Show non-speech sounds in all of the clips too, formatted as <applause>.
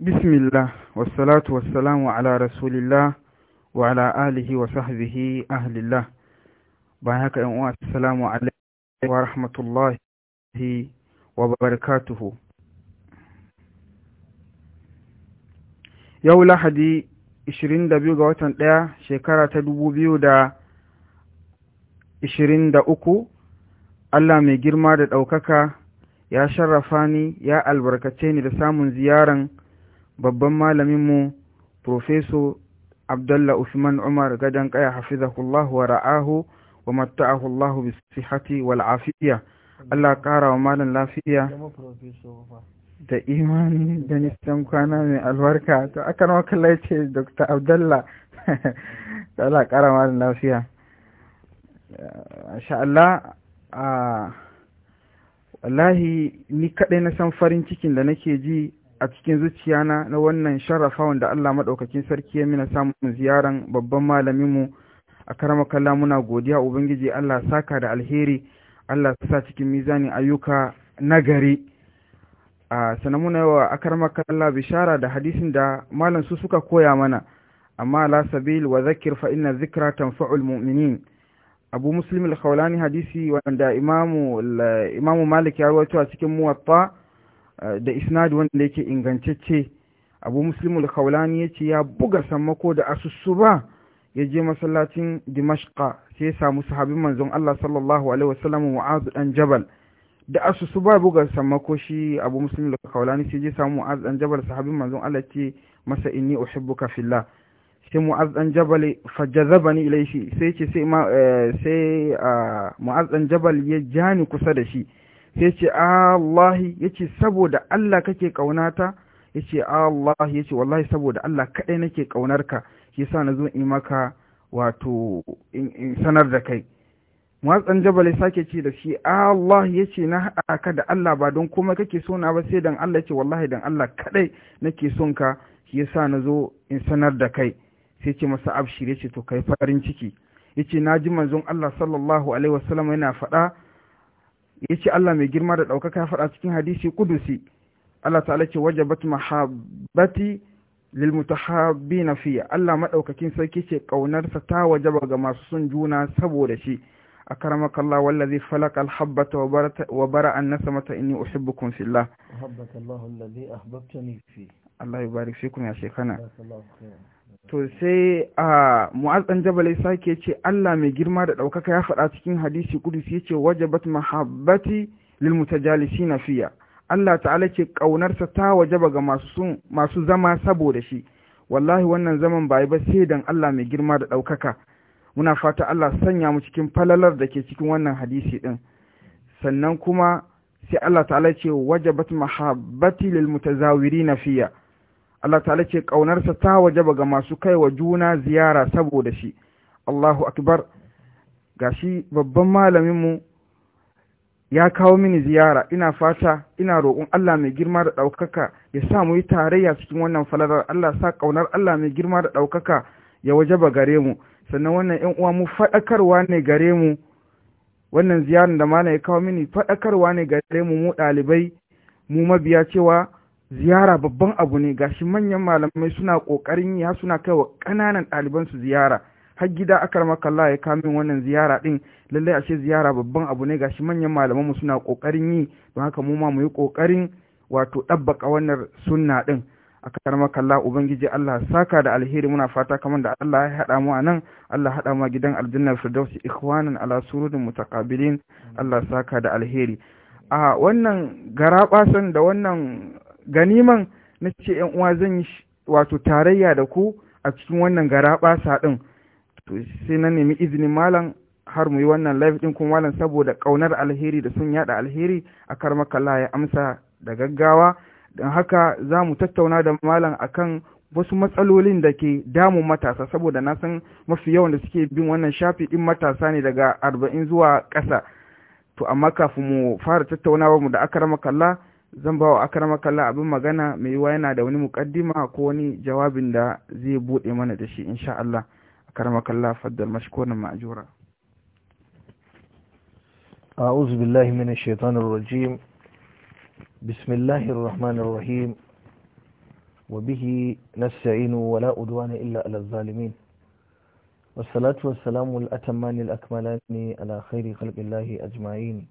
bismillah wasalatu wasalamu ala rasulillah wa ala alihi wa sahbihi ahlillah bayan haka yan uwa assalamu alaikum wa rahmatullahi wa barakatuhu yau lahadi 22 ga watan 1 shekara ta 2023 Allah mai girma da ɗaukaka ya sharrafa ni ya albarkace ni da samun ziyaran babban malaminmu profeso abdullah usman umar gadon kaya hafizahullah wa ra'ahu wa matta'ahu allah bi sihhati wal afiya Allah kara wa malam lafiya da imani da nisan kwana mai albarka to aka nawa kalla ce dr abdullah da <laughs> Allah kara wa malam lafiya insha Allah wallahi ni kaɗai na san farin cikin da nake ji a cikin zuciyana na wannan sharafa wanda Allah maɗaukakin sarki ya mina samun ziyaran babban malaminmu a karama kalla muna godiya ubangiji Allah saka da alheri Allah sa cikin mizanin ayyuka nagari a sanan muna yawa a karama kalla bishara da hadisin da malam su suka koya mana amma la sabil wa zakir fa inna zikra mu'minin abu muslim al-khawlani hadisi wanda imamu imamu malik ya rawaito a cikin muwatta eh, da isnad wanda yake ingantacce abu muslim al-khawlani yace ya buga sammako da asussuba ya je masallacin dimashqa sai ya samu sahabin manzon Allah sallallahu alaihi wasallam mu'az dan jabal da asussuba buga sammako shi abu muslim al-khawlani sai ya samu mu'az dan jabal sahabin manzon Allah ce masa inni uhibbuka fillah sai mu'az dan jabal fajazabani ilaihi sai ce sai eh, ah, mu'az ɗan jabali ya ni kusa da shi sai ce Allah yace saboda Allah kake kaunata yace Allah ce wallahi saboda Allah kaɗai nake sa na zo in maka wato in sanar da kai ɗan jabali sake ce da shi Allah ya ce na haɗa ka da Allah ba don komai kake so na ba sai dan Allah ce wallahi dan Allah kaɗai nake son ka shi yasa na zo in sanar da kai sai ce masa abshir ce to kai farin ciki yace ji manzon Allah sallallahu alaihi wasallam yana faɗa yace Allah mai girma da ɗaukaka ya faɗa cikin hadisi kudusi Allah ta'ala ce wajabat mahabbati lil na fi Allah madaukakin sarki ce sa ta wajaba ga masu son juna saboda shi akramaka Allah wallazi falaka al wa bara an nasamata inni uhibbukum fillah habbaka Allah allazi ahbabtani fi Allah yubarik ya shekana. to sai a mu'azzan jabal sake ce Allah mai girma da ɗaukaka ya faɗa cikin hadisi kudusi yace wajabat mahabbati lil na fiya Allah ta'ala ce ƙaunarsa ta wajaba ga masu zama saboda shi wallahi wannan zaman bai ba sai dan Allah mai girma da ɗaukaka muna fata Allah sanya mu cikin falalar da ke cikin wannan hadisi din sannan kuma sai Allah ta'ala ce wajabat mahabbati lil mutazawirina fiya Allah ta'ala ce ƙaunarsa ta wajaba ga masu kai wa juna ziyara saboda shi Allahu akbar ga shi babban malaminmu ya kawo mini ziyara ina fata ina roƙon Allah mai girma da ɗaukaka ya sa mu yi tarayya cikin wannan falarar Allah sa ƙaunar Allah mai girma da ɗaukaka ya waje ba gare mu sannan wannan 'yan uwa mu faɗakarwa ne gare mu wannan ziyarar da malam ya kawo mini faɗakarwa ne gare mu mu ɗalibai mu mabiya cewa ziyara babban abu ne gashi manyan malamai suna ƙoƙarin ya suna kai wa ƙananan ɗaliban su ziyara har gida akar makalla ya kamin wannan ziyara ɗin lallai ashe ziyara babban abu ne gashi manyan malamanmu suna ƙoƙarin yi don haka mu ma mu yi ƙoƙarin wato ɗabbaka wannan sunna ɗin a karama kalla ubangiji Allah saka da alheri muna fata kamar da Allah ya hada mu a nan Allah haɗa mu gidan aljannar firdausi ikhwanan ala surudin mutaqabilin Allah saka da alheri a wannan garaɓasan da wannan ganiman na ce ‘yan uwa zan yi wato tarayya da ku a cikin wannan garaɓasa ɗin to sai na nemi izinin malam har mu yi wannan live ɗin kuma malam saboda ƙaunar alheri da sun yaɗa alheri a karmakalla ya amsa da gaggawa don haka za mu tattauna da malam akan wasu matsalolin da ke damun matasa saboda na san mafi yawan da suke bin wannan shafi ɗin matasa ne daga arba'in zuwa ƙasa to amma kafin mu fara tattaunawa mu da aka rama zan ba wa akrama kalla abin magana mai yiwa yana da wani mukaddima ko wani jawabin da zai bude mana da shi insha Allah akrama kalla faddal mashkuran ma'jura أعوذ بالله من الشيطان الرجيم بسم الله الرحمن الرحيم وبه نستعين ولا أدوان إلا على الظالمين والصلاة والسلام الأتمان الأكملان على خير خلق الله أجمعين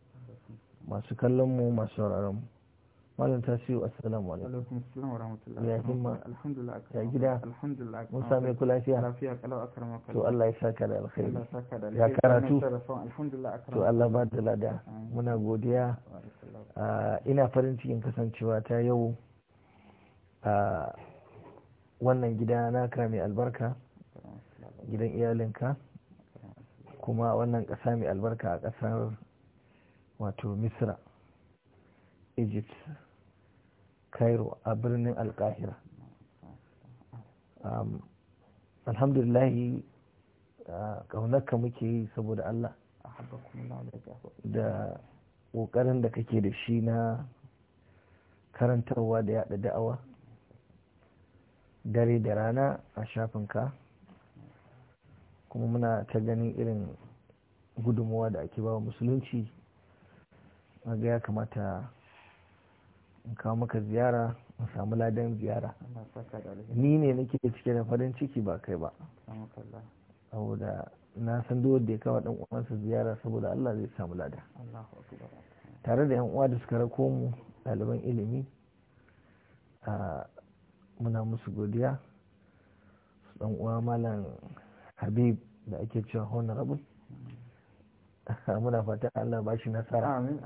masu kallon mu masu sauraron mu malam tasiru assalamu alaikum assalamu warahmatullahi ya himma alhamdulillah ya gida alhamdulillah mun same ku lafiya lafiya kalau akrama to Allah ya saka da alkhairi ya karatu to Allah ba da lada muna godiya ah, ina farin cikin kasancewa ta yau a wannan gida na kame albarka gidan iyalinka kuma wannan ƙasa mai albarka a ƙasar wato misra egypt cairo a birnin alkahira alhamdulillahi ƙaunarka muke yi saboda allah da ƙoƙarin da kake da shi na karantarwa da yaɗa da'awa dare da rana a shafinka kuma muna ta ganin irin gudunmuwa da ake ba musulunci ga ya kamata in kawo maka ziyara in samu ladan ziyara ni ne nake cike da farin ciki ba kai ba saboda na san duk da ya kawo dan uwansa ziyara saboda Allah zai samu lada tare da yan uwa da suka rako mu ɗaliban ilimi a muna musu godiya su dan uwa malam habib da ake cewa honorable <laughs> muna fata Allah ba shi nasara amin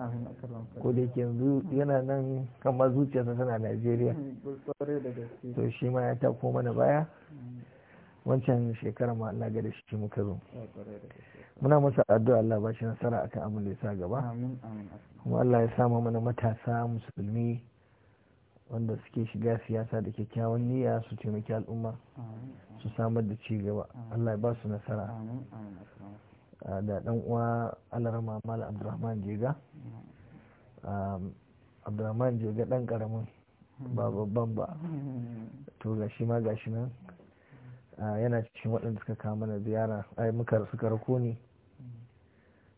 ko da yake yanzu yana nan kamar zuciyarsa tana Najeriya hmm, to shi ma ya tako mana baya hmm. wancan shekara ma Allah ga da shi muka zo muna masa addu'a Allah ba shi nasara akan abin da ya sa gaba kuma Allah ya samu mana matasa musulmi wanda suke shiga siyasa da kyakkyawan niyya su taimaki al'umma su samar da ci gaba Allah ya ba su nasara da dan uwa alarma mal abdurrahman jega abdurrahman jega dan karamin ba babban ba to gashi ma gashi nan yana cikin waɗanda suka kawo mana ziyara ai muka suka rako ni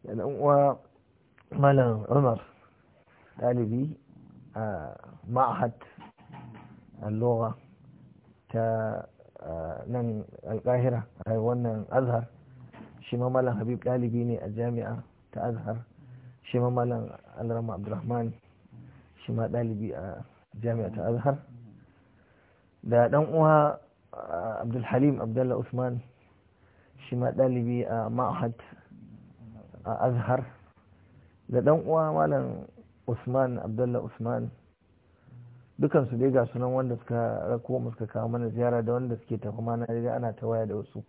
da dan uwa malam umar dalibi a ma'ahad alloga ta nan alkahira a wannan azhar shi ma malam habib ɗalibi ne a jami'a ta azhar shi ma malam alrama Abdulrahman shi ma ɗalibi a jami'a ta azhar da ɗan uwa ah, abdulhalim abdullah usman shi ma ɗalibi a ma'ahad a azhar da ɗan uwa malam usman abdullah usman dukansu dai ga sunan wanda suka rako suka kawo mana ziyara da wanda suke tafi mana ana ta waya da wasu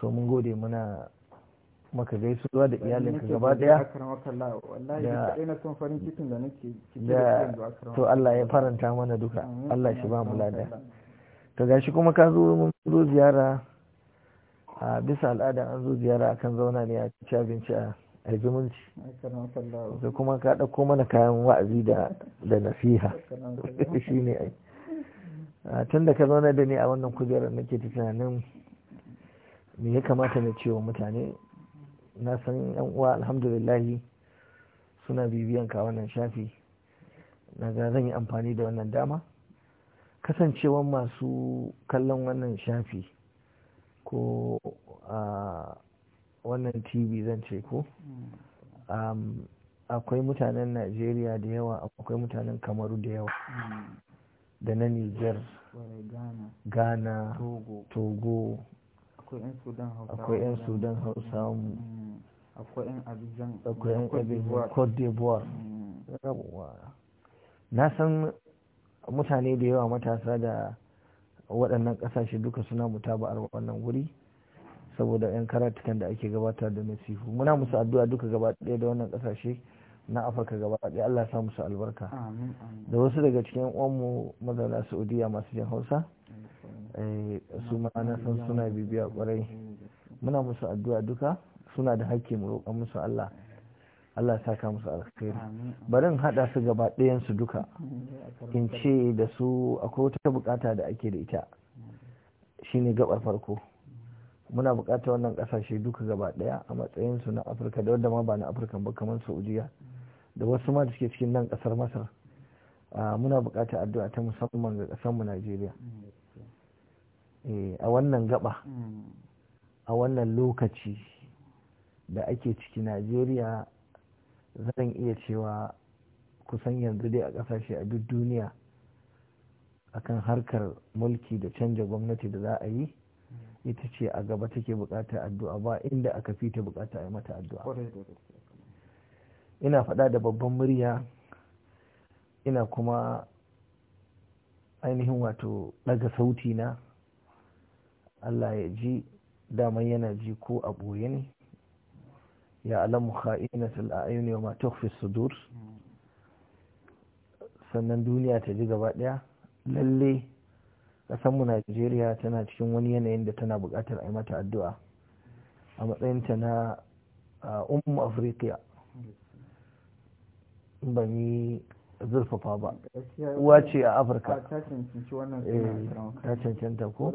so mun gode muna maka gaisuwa da iyalinka gaba daya da to Allah ya faranta mana duka Allah shi ba mu lada to gashi kuma ka zo mun zo ziyara a bisa al'ada an zo ziyara akan zauna ne a ci abinci a zumunci da kuma ka ɗauko mana kayan wa'azi da nasiha <laughs> shine ai tun da ka zauna da ni a wannan kujerar nake tunanin me ya kamata na cewa mutane na san yan uwa alhamdulillahi suna bibiyan ka wannan shafi na ga zan yi amfani da wannan dama kasancewan masu kallon wannan shafi ko a wannan tv zan ce ko akwai mutanen najeriya da yawa akwai mutanen kamaru da yawa mm. da na niger ghana togo akwai 'yan sudan hausa mu mm. akwai 'yan abidjan cote mm. na san mutane da yawa matasa da waɗannan ƙasashe duka suna mutaba'ar wannan wuri saboda 'yan karatukan da ake gabatar da nasihu muna musu addu'a duka gaba ɗaya da wannan ƙasashe na afirka gaba ɗaya allah sa musu albarka da wasu daga cikin uwanmu mazauna saudiya masu jan hausa Eh, su suna bibiya kwarai muna musu addu'a duka suna da hakki mu roƙa musu Allah Allah saka musu alkhairi barin in su gaba ɗayan su duka in ce da su akwai wata bukata da ake da ita shine gabar farko muna bukata wannan kasashe duka gaba ɗaya a matsayin su na afirka da wadda ma ba na afirka ba kamar saudiya da wasu ma da suke cikin nan kasar masar ah, muna bukatar addu'a ta musamman ga kasar mu najeriya Eh, a wannan gaba hmm. a wannan lokaci da ake ciki najeriya zan iya cewa kusan yanzu dai a kasashe a duk duniya akan harkar mulki da canja gwamnati da za a yi hmm. ita ce a gaba take bukata addu'a ba inda aka fi ta bukata a yi mata addu'a ina faɗa da babban murya ina kuma ainihin wato ɗaga sauti na Allah ya ji daman yana ji ko a ɓoye ne ya alamu kha'inatul a'yuni wa matuk tukhfi sudur sannan duniya ta ji gaba ɗaya lalle mu Najeriya tana cikin wani yanayin da tana buƙatar a mata addu'a a matsayinta na ummu afirka ban yi zurfafa ba uwa ce a afirka ta eh, cancanta ko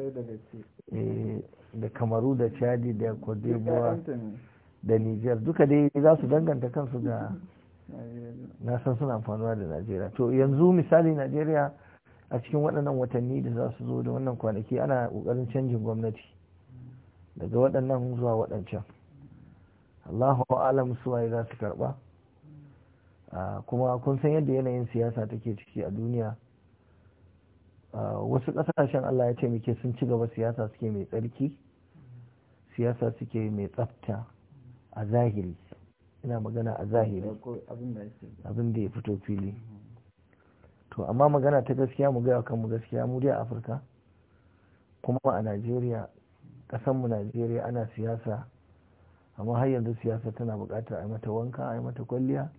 eh, da kamaru da chadi da kodebuwa da niger duka dai za su danganta kansu da <laughs> na san suna amfanuwa da najeriya to yanzu misali najeriya a cikin waɗannan watanni da za su zo da wannan kwanaki ana ƙoƙarin canjin gwamnati daga waɗannan zuwa waɗancan allahu alam suwaye za su karɓa kuma kun san yadda yanayin siyasa take ciki a duniya wasu kasashen allah ya taimake sun ci gaba siyasa suke mai tsarki siyasa suke mai tsafta a zahiri ina magana a zahiri abin da ya fito fili to amma magana ta gaskiya mu gaya kanmu gaskiya mu dai afirka kuma a najeriya mu najeriya ana siyasa amma har yanzu siyasa tana buƙatar a mata wanka a mata kwalliya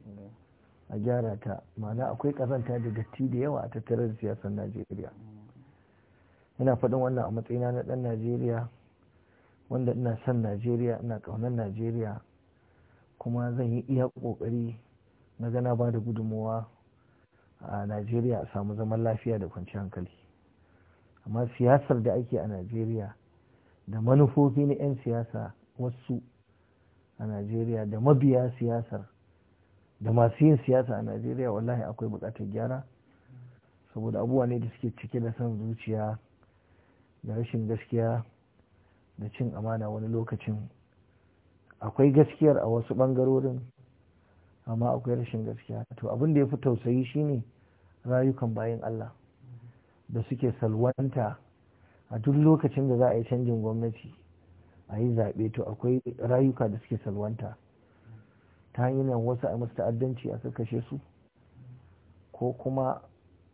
a gyara ta ma'ana akwai kazanta da datti da yawa a tattare da siyasar najeriya ina faɗin wannan a matsayina na ɗan najeriya wanda ina son najeriya ina ƙaunar najeriya kuma zan yi iya ƙoƙari na gana ba da gudunmawa a najeriya a samu zaman lafiya da kwanci hankali amma siyasar da ake a najeriya da manufofi na 'yan siyasa wasu a najeriya da mabiya siyasar da masu yin siyasa a najeriya wallahi akwai bukatar gyara saboda abubuwa ne da suke cike da son zuciya da rashin gaskiya da cin amana wani lokacin akwai gaskiyar a wasu bangarorin amma akwai rashin gaskiya to abin da ya fi tausayi shine rayukan bayan allah da suke salwanta a duk lokacin da za a yi canjin gwamnati a yi zaɓe to akwai rayuka da suke salwanta ta hanyar wasu a masu ta'addanci a kashe su ko kuma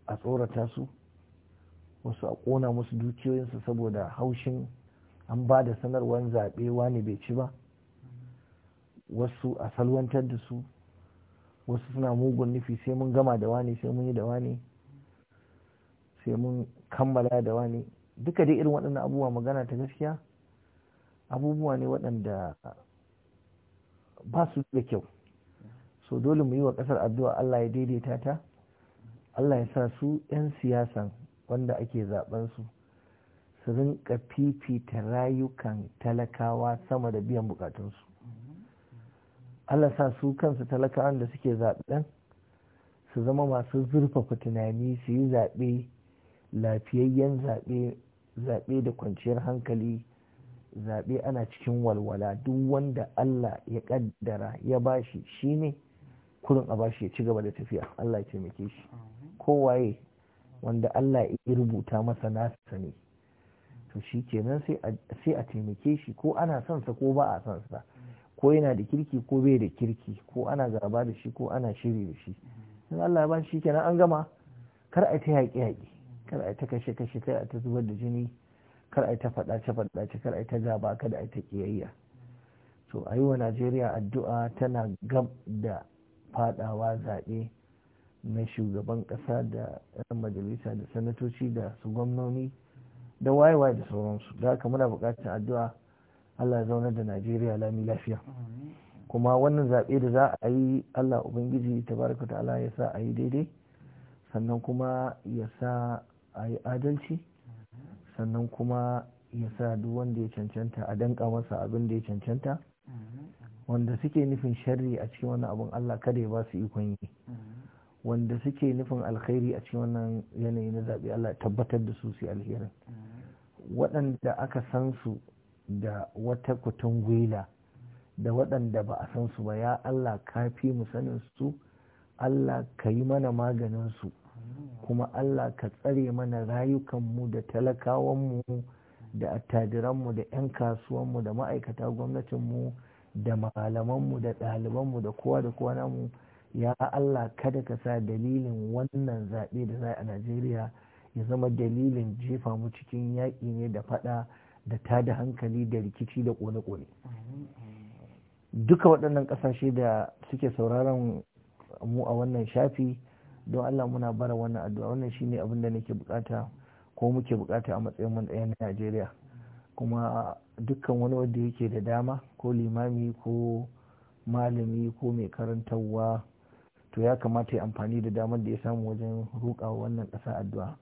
a tsorata su wasu a kona musu dukiyoyinsu saboda haushin an ba da sanarwar zaɓe wani bai ci ba wasu a salwantar da su wasu suna mugun nufi sai mun gama da wani sai mun yi da wani sai mun kammala da wani duka dai irin waɗannan abubuwa magana ta gaskiya abubuwa ne waɗanda ba su da kyau so dole mu yi wa ƙasar addu'a Allah ya daidaita ta Allah ya sa su 'yan siyasan wanda ake zaben su su rinka fifita rayukan talakawa sama da biyan bukatunsu Allah sa su kansu talakawan da suke zaɓen su zama masu zurfafa tunani su yi zaɓe lafiyayyen zaɓe da kwanciyar hankali zaɓe ana cikin walwala duk wanda Allah ya ƙaddara ya bashi shi ne kurin a bashi ya ci gaba da tafiya Allah ya taimake shi kowaye wanda Allah ya rubuta masa nasa ne to shi kenan sai a taimake shi ko ana son sa ko ba a son sa ko yana da kirki ko bai da kirki ko ana gaba da shi ko ana shiri da shi in Allah ya bashi kenan an gama kar a ta yaƙi yaƙi kar a ta kashe kashe kar a ta zubar da jini kar a yi ta faɗace faɗace kar a yi ta gaba kada a yi ta ƙiyayya to a yi wa najeriya addu'a tana gab da faɗawa zaɓe na shugaban ƙasa da 'yan majalisa da sanatoci da su gwamnoni da wayewaye da sauransu da haka muna buƙatar addu'a allah zauna da najeriya lami lafiya kuma wannan zaɓe da za a yi allah ubangiji tabaraka ta'ala ya sa a yi daidai sannan kuma ya sa a yi adalci sannan kuma ya sa duk wanda ya cancanta a danka masa abin da ya cancanta wanda suke nufin sharri a cikin wannan abin Allah kada ya ba su ikon yi wanda suke nufin alkhairi a cikin wannan yanayi na zaɓe Allah tabbatar da su su alherin waɗanda aka san su da wata kutun gwila da waɗanda ba a san su ba ya Allah ka fi mu sanin su Allah ka yi mana maganin su kuma Allah ka tsare mana rayukanmu da talakawanmu da attajiranmu da 'yan kasuwanmu da ma'aikata gwamnatinmu da malamanmu da ɗalibanmu da kowa da kowa namu ya Allah kada ka sa dalilin wannan zaɓe da za a Najeriya ya zama dalilin jefa mu cikin yaƙi ne da faɗa da tada hankali da rikici da ƙone-ƙone duka waɗannan ƙasashe da suke sauraron mu a wannan shafi don Allah muna bara wannan addu'a wannan shine abin da nake bukata ko muke bukata a matsayin mu na Najeriya kuma dukkan wani wanda yake da dama ko limami ko malami ko mai karantarwa to ya kamata ya amfani da damar da ya samu wajen ruka wannan ƙasa addu'a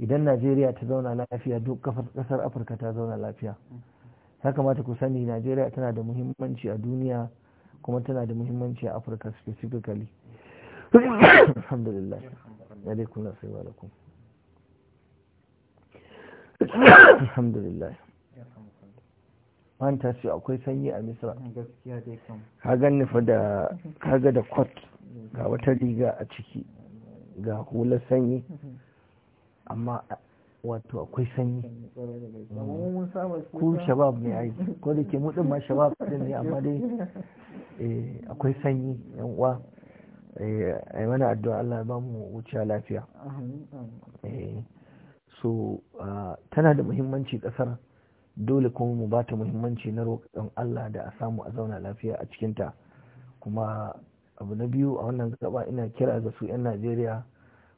idan Najeriya ta zauna lafiya duk kasar Afirka ta zauna lafiya ya kamata ku sani Najeriya tana da muhimmanci a duniya kuma tana da muhimmanci a Afirka specifically alhamdulillah alaikum na sai walakum alhamdulillah an tashi akwai sanyi a misira. Ka kaga nufa da kaga da kwat ga mm-hmm. wata riga a ciki ga hula sanyi mm-hmm. amma wato akwai sanyi ku shabab ne ai ko da ke mudin ma shabab ne amma dai <laughs> eh, akwai sanyi yan uwa Eh, a yi mana addu'a Allah ya bamu wuciya lafiya eh, so tana da muhimmanci kasar dole kuma mu ba ta muhimmanci na roƙon Allah da a samu a zauna lafiya a cikinta kuma abu na biyu a wannan gaba ina kira ga su 'yan Najeriya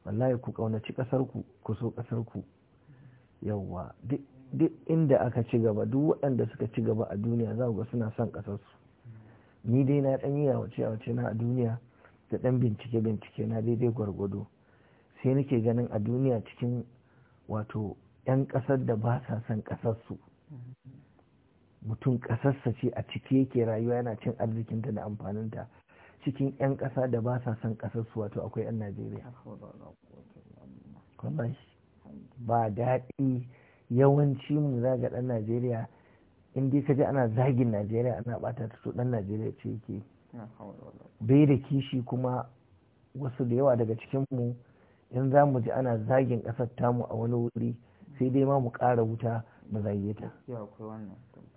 wallahi ku ƙaunaci ƙasarku ku so ƙasarku Yauwa duk inda aka ci gaba duk waɗanda suka ci gaba a duniya za ga suna son ƙasarsu ni dai na ɗan yi yawace yawace na a duniya da ɗan bincike bincike na daidai gwargwado sai nake ganin a duniya cikin wato 'yan ƙasar da ba sa son ƙasarsu mutum ƙasarsa ce a ciki yake rayuwa yana cin arzikinta da amfaninta cikin 'yan ƙasa da ba sa son ƙasarsu wato akwai 'yan najeriya ba daɗi yawanci mu zaga ɗan najeriya in dai ka ji ana zagin najeriya ana ɓata ta to ɗan najeriya ce yake bai da kishi kuma wasu da yawa daga cikinmu in za mu ji ana zagin ƙasar tamu a wani wuri sai dai ma mu ƙara wuta mu zage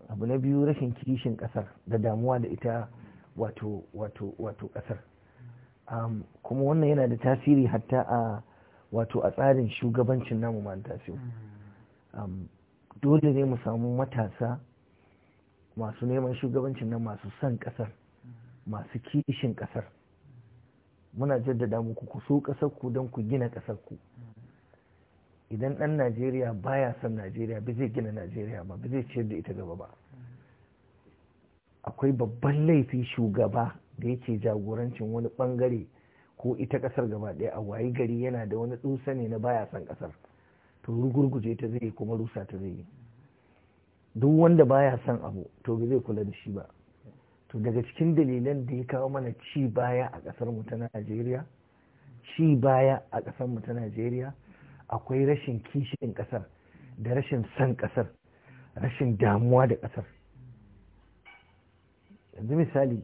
abu na biyu rashin kishin ƙasar da damuwa da ita wato wato ƙasar kuma wannan yana da tasiri hatta a wato a tsarin shugabancin namu ma tasiri hmm. dole ne mu samu matasa masu neman shugabancin nan masu son ƙasar masu kishin ƙasar muna jaddada muku ku so ƙasar ku don ku gina ƙasar ku idan ɗan najeriya baya son najeriya ba zai gina najeriya ba zai ciyar da ita gaba ba akwai babban laifi shugaba da yake jagorancin wani bangare ko ita ƙasar gaba ɗaya a wayi gari yana da wani tsusa ne na baya son ƙasar to rugurguje ta zai kuma rusa ta zai yi. duk wanda baya son abu to ba zai kula da shi ba to daga cikin dalilan da ya kawo mana ci baya a ƙasar mu ta Najeriya ci baya a ƙasar mu ta Najeriya akwai rashin kishin ƙasar da rashin san ƙasar rashin damuwa da ƙasar yanzu misali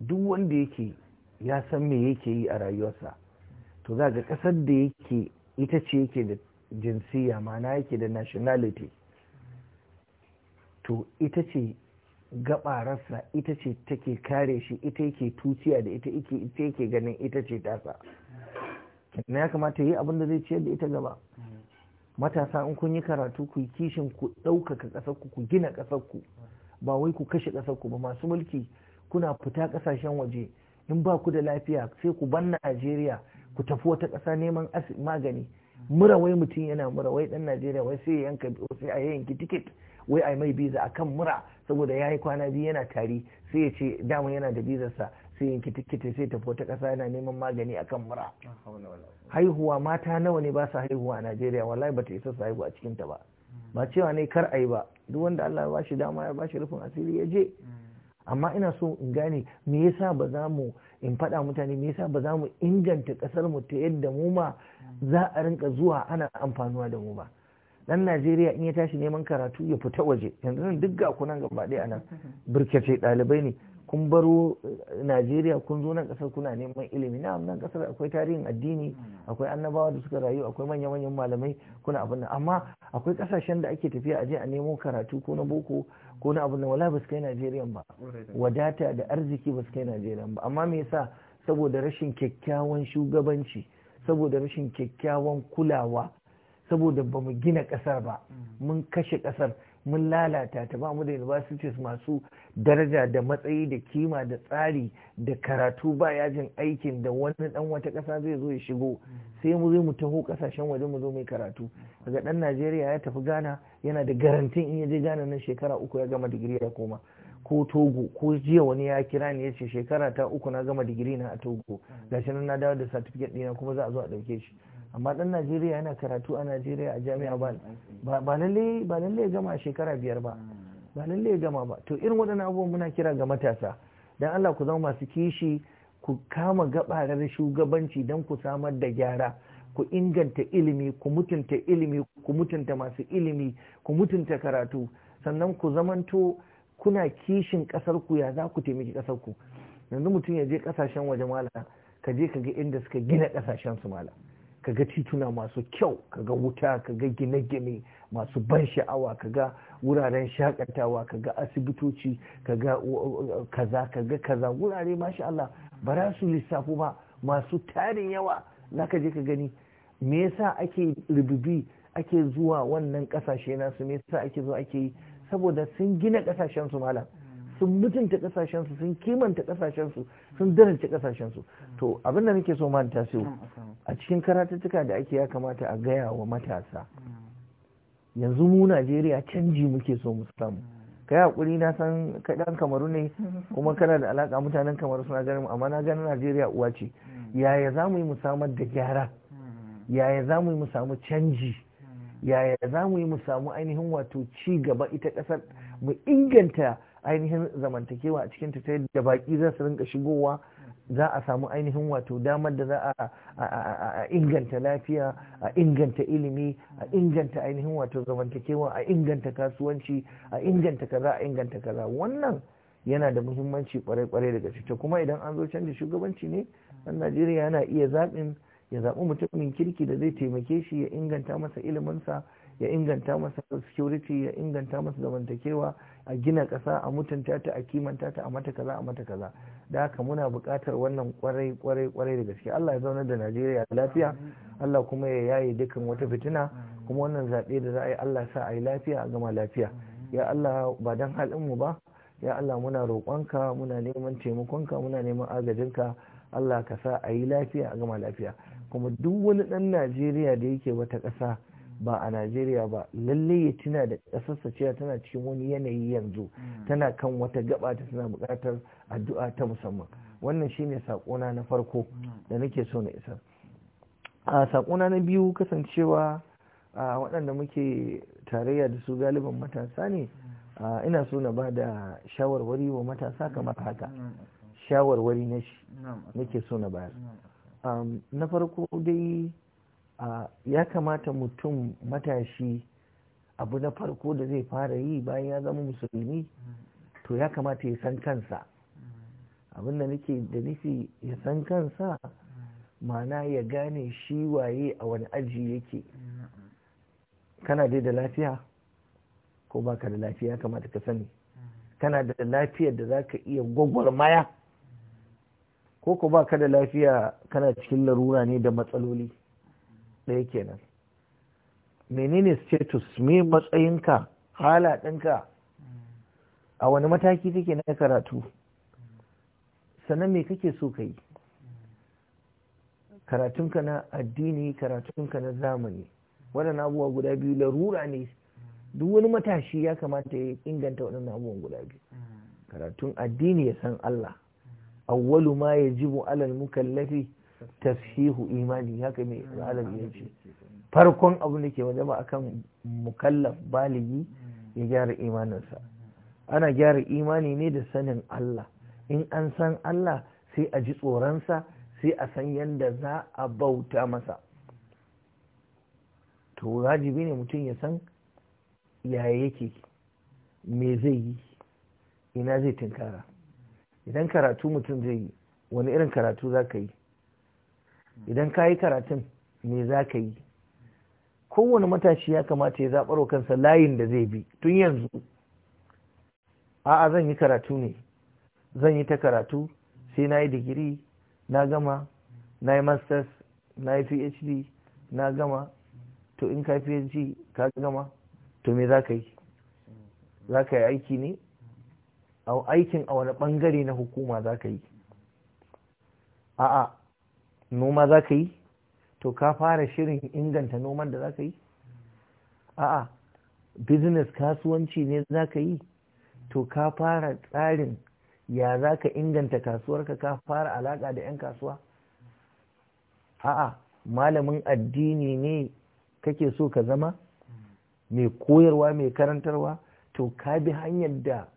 duk wanda yake ya san me yake yi a rayuwarsa to za ga ƙasar da yake ita ce yake da jinsiya ma'ana yake da nationality to ita ce gabararsa ita ce take kare shi ita yake tuciya da ita yake ganin ita ce tasa na ya kamata yi abin da zai ciyar da ita gaba matasa in kun yi karatu ku yi kishin ku ɗaukaka ƙasarku ku gina ƙasarku ba wai ku kashe ƙasarku ba masu mulki kuna fita ƙasashen waje in ba ku da lafiya sai ku ban Najeriya ku tafi wata ƙasa neman magani mura wai mutum yana mura wai ɗan Najeriya wai sai yanka sai a yanki tiket wai ai mai biza a kan mura saboda ya yi kwana biyu yana tari sai ya ce dama yana da bizarsa sai ya kitikiti sai tafi wata ƙasa yana neman magani a kan mura haihuwa mata nawa ne ba su haihuwa a najeriya wallahi ba ta isa su haihu a cikin ta ba ba mm. cewa ne kar a yi ba duk wanda allah ya ba shi dama ya ba shi rufin asiri ya je mm. amma ina so in gane me yasa ba za mu in faɗa mutane me yasa ba za mu inganta ƙasar mu ta yadda mu ma mm. za a rinka zuwa ana amfanuwa da mu ba dan Najeriya in ya tashi neman karatu ya fita waje yanzu nan duk ga kunan gaba ɗaya anan <laughs> birkace ɗalibai ne kun baro eh, Najeriya kun zo nan kasar kuna neman ilimi na nan kasar akwai tarihin addini akwai annabawa da suka rayu akwai manya manyan malamai kuna abin nan amma akwai kasashen da ake tafiya aje a nemo karatu ko na boko ko na abin nan wala ba su kai Najeriya ba wadata da arziki ba su kai Najeriya ba amma me yasa saboda rashin kyakkyawan shugabanci saboda rashin kyakkyawan kulawa saboda ba mu gina ƙasar ba mm. mun kashe ƙasar mun lalata ta ba mu da universities masu daraja da matsayi da kima da tsari da karatu ba yajin aikin da wani dan wata ƙasa zai zo ya shigo mm. sai mu zai mu taho ƙasashen waje mu zo mai karatu daga ɗan najeriya ya tafi ghana yana da garantin in ya je ghana nan shekara uku ya gama digiri ya koma ko togo ko jiya wani ya kira ni ya ce shekara ta uku na gama digiri na a togo mm. gashi nan na dawo da certificate ɗina kuma za a zo a ɗauke shi amma dan najeriya yana karatu a najeriya a jami'a ba ba lalle ba lalle gama shekara biyar ba ba lalle gama ba to irin waɗannan abubuwan muna kira ga matasa dan Allah ku zama masu kishi ku kama gabarar shugabanci dan ku samar da gyara ku inganta ilimi ku mutunta ilimi ku mutunta masu ilimi ku mutunta karatu sannan ku zamanto kuna kishin kasar ku ya za ku taimaki kasar ku yanzu mutum ya je kasashen waje mala ka je ka ga inda suka gina kasashen su mala kaga tituna masu kyau kaga wuta kaga gine-gine masu ban sha'awa kaga wuraren shakatawa kaga asibitoci kaga kaza kaga kaza wurare masha Allah ba za su lissafu ba masu tarin yawa ka je ka gani me yasa ake rububi ake zuwa wannan kasashe nasu me yasa ake zuwa ake yi saboda sun gina kasashen su malam sun mutunta kasashensu sun kimanta kasashensu sun daraja kasashensu to abinda nake so ta tasiru mm, a cikin karatuttuka da ake ya kamata a gaya wa matasa mm. yanzu mu Najeriya canji muke so mu samu mm. kai hakuri na san kaɗan kamaru ne <laughs> kuma kana da alaka mutanen kamaru suna ganin amma na ganin Najeriya uwa ce yaya za mu yi mu samar da gyara yaya za mu yi mu samu canji yaya za mu yi mu samu ainihin wato ci gaba ita ƙasar mu inganta ainihin zamantakewa a cikin ta da baki za su rinka shigowa za a samu ainihin wato damar da za a inganta lafiya a inganta ilimi a inganta ainihin wato zamantakewa a inganta kasuwanci a inganta kaza a inganta kaza wannan yana da muhimmanci kwarai-kwarai daga cikin kuma idan an zo canza shugabanci ne dan najeriya yana iya zaɓin ya zaɓi mutumin kirki da zai taimake shi ya inganta masa iliminsa ya inganta masa security ya inganta masa zamantakewa a gina kasa a mutunta ta a kimanta ta a mata kaza a mata kaza da haka muna buƙatar wannan kwarai kwarai kwarai da gaske Allah ya zauna da Najeriya lafiya Allah kuma ya yaye dukkan wata fitina kuma wannan zaɓe da za a yi Allah sa a yi lafiya a gama lafiya ya Allah ba dan halin mu ba ya Allah muna roƙonka muna neman taimakonka muna neman agajinka Allah ka sa a yi lafiya a gama lafiya kuma duk wani ɗan Najeriya da yake wata ƙasa ba a Najeriya ba lalle ya tuna da ƙasarsa cewa tana cikin wani yanayi yanzu hmm. tana kan wata gaba ta tana buƙatar addu'a ta musamman wannan shine saƙona na farko hmm. da nake so na isar a saƙona na biyu kasancewa a waɗanda muke tarayya da su galiban matasa ne ina so na ba da shawarwari wa matasa kamar haka hmm. shawarwari na shi nake so na bayar na farko dai ya kamata mutum matashi abu na farko da zai fara yi bayan ya zama musulmi to ya kamata ya san kansa abin da nake da nufi ya san kansa mana ya gane shi waye a wani aji yake kana dai da lafiya ko baka da lafiya ya kamata ka sani kana da lafiyar da za ka iya gwagwarmaya ko ko baka da lafiya kana cikin larura ne da matsaloli ɗaya kenan menene status me matsayinka hala ɗinka a wani mataki kake na karatu sannan me kake so ka yi karatunka na addini karatunka na zamani wani abubuwa guda biyu larura ne duk wani matashi ya kamata ya inganta wani abubuwan guda biyu karatun addini ya san Allah awwalu ma yajibu alal mukallafi tashihu imani haka mai hmm. malam ya ce farkon abu ne ke ba akan mukallaf baligi hmm. ya gyara imaninsa ana gyara imani ne da sanin Allah in an san Allah sai a ji tsoron sa, sai a san yadda za a bauta masa to wajibi ne mutum ya san yaya yake me zai yi ina zai tunkara idan karatu mutum zai yi wani irin karatu za ka yi idan ka yi karatun me za ka yi kowane matashi ya kamata ya zaɓar kansa layin da zai bi tun yanzu a'a zan yi karatu ne zan yi ta karatu sai na yi digiri na gama na yi masters na yi phd na gama to in ka phd ka gama to me za ka yi za ka yi aiki ne aikin a wani ɓangare na hukuma za ka yi a'a noma za ka yi to ka fara shirin inganta noman da za ka yi a'a business kasuwanci ne za ka yi to ka fara tsarin ya za ka inganta kasuwarka ka fara alaƙa da 'yan kasuwa a'a malamin addini ne kake so ka zama mai koyarwa mai karantarwa to ka bi hanyar da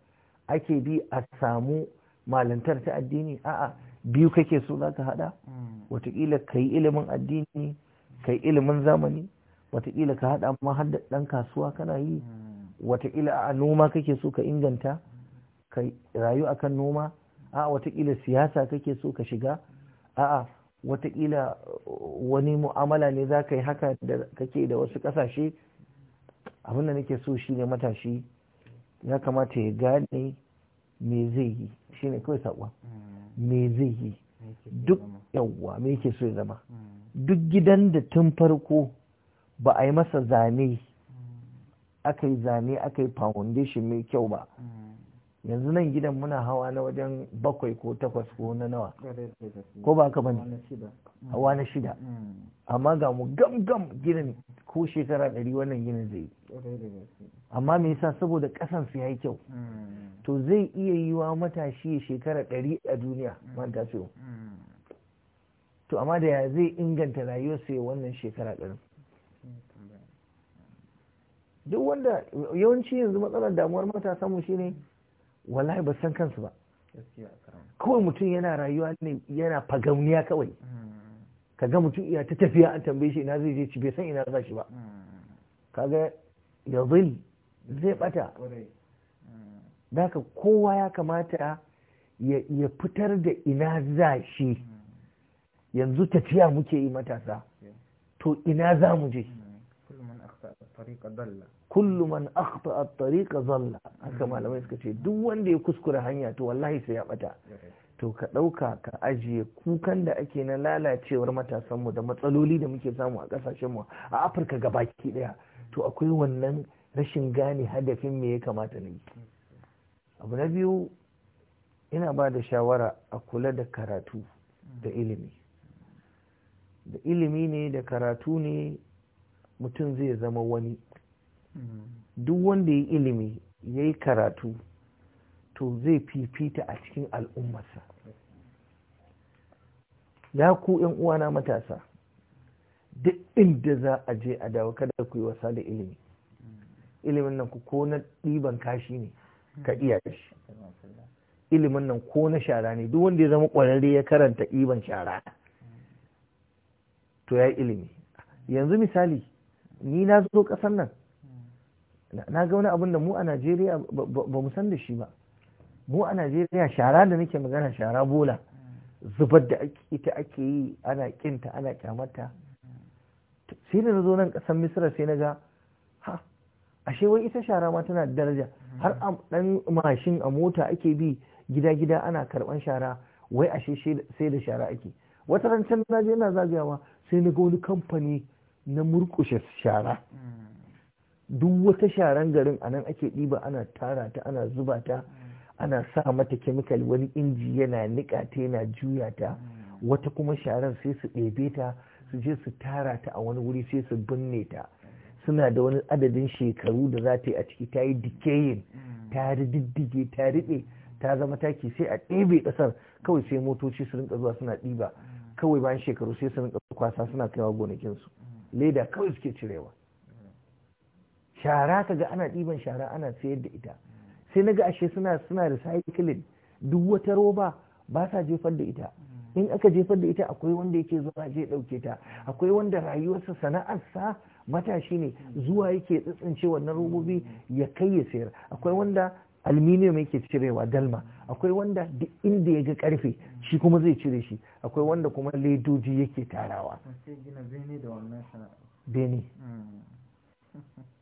ake bi a samu malantar ta addini a'a biyu kake so za ka haɗa hmm. watakila ka yi ilimin addini ka yi ilimin zamani Wataƙila ka haɗa ma har ɗan kasuwa kana yi hmm. watakila a noma kake so ka inganta hmm. ka rayu akan noma a watakila siyasa kake so ka shiga A wataƙila uh, wani mu'amala ne za ka yi haka da kake da wasu ƙasashe abin da nake so shine matashi ya kamata ya gane me zai yi shine kawai saƙon me zai yi duk yawwa me yake so ya zama hmm. duk gidan da tun farko ba a yi masa zane hmm. aka yi zane aka yi foundation mai kyau ba hmm. yanzu nan gidan muna hawa na wajen bakwai ko takwas ko na nawa ko ba ka bane hawa na shida amma ga mu gam gam gidan ko shekara ɗari wannan ginin zai yi amma me yasa saboda kasan su yayi kyau mm. to zai iya yi wa matashi shekara ɗari a duniya mm. manta su mm. to amma da ya zai inganta rayuwar ya wannan shekara ɗarin duk wanda yawanci yanzu matsalar damuwar matasa mu shine wallahi ba san kansu ba kawai mutum yana rayuwa ne yana fagamniya kawai ka ga mutum iya ta tafiya an tambaye shi ina zai je ci bai san ina za shi ba kaga ya zil zai bata daga kowa ya kamata ya fitar da ina za shi hmm. yanzu tafiya muke yi matasa to ina za mu je hmm. kullu man akhta at-tariqa zalla haka hmm. malamai suka ce duk wanda ya kuskura hanya to wallahi sai ya bata to ka ɗauka ka ajiye kukan da ake na lalacewar matasanmu da matsaloli da muke samu a kasashenmu a Afirka ga baki daya to akwai wannan rashin gane hadafin me ya kamata na abu na biyu ina ba da shawara a kula da karatu da ilimi da ilimi ne da karatu ne mutum zai zama wani duk wanda ya ilimi ya yi karatu to zai fifita a cikin al'ummarsa ya ku uwana matasa duk inda za a je a dawo kada ku yi wasa da ilimi ilimin nan ku ko na ɗiban kashi ne ka iya shi ilimin nan ko na shara ne duk wanda ya zama ƙwararre ya karanta ɗiban shara to ya yi ilimi yanzu misali ni na zo ƙasar nan na ga wani abin da mu a najeriya ba mu san da shi ba mu a najeriya shara da nake magana shara bola zubar da ita ake yi ana kinta ana kyamata sai da na zo nan ƙasar misira sai na ga ha ashe wai ita shara ma tana daraja har a ɗan mashin a mota ake bi gida-gida ana karban shara wai ashe sai da shara ake wata rancen na je yana zagayawa sai na ga wani kamfani na murkushe shara duk wata sharan garin a nan ake ɗiba ana tara ta ana zuba ta ana sa mata kemikal wani inji yana niƙa ta yana juya ta wata kuma sharan sai su ɗebe ta su je su tara ta a wani wuri sai su binne ta suna da wani adadin shekaru da za ta yi a ciki ta yi dikeyin ta diddige ta riɓe ta zama taki sai a ɗebe ƙasar kawai sai motoci su rinka zuwa suna ɗiba kawai bayan shekaru sai su rinka kwasa suna kaiwa gonakinsu leda kawai suke cirewa shara kaga ana ɗiban shara ana sayar da ita sai na ga ashe suna suna recycling duk wata roba ba sa jefar da ita in aka jefar da ita akwai wanda yake zuwa zai ɗauke ta akwai wanda rayuwarsa sana'arsa matashi ne zuwa yake tsitsince wannan robobi ya kai ya sayar akwai wanda aluminium yake cirewa dalma akwai wanda duk inda ya ga karfe shi kuma zai cire shi akwai wanda kuma ledoji yake tarawa bene <laughs>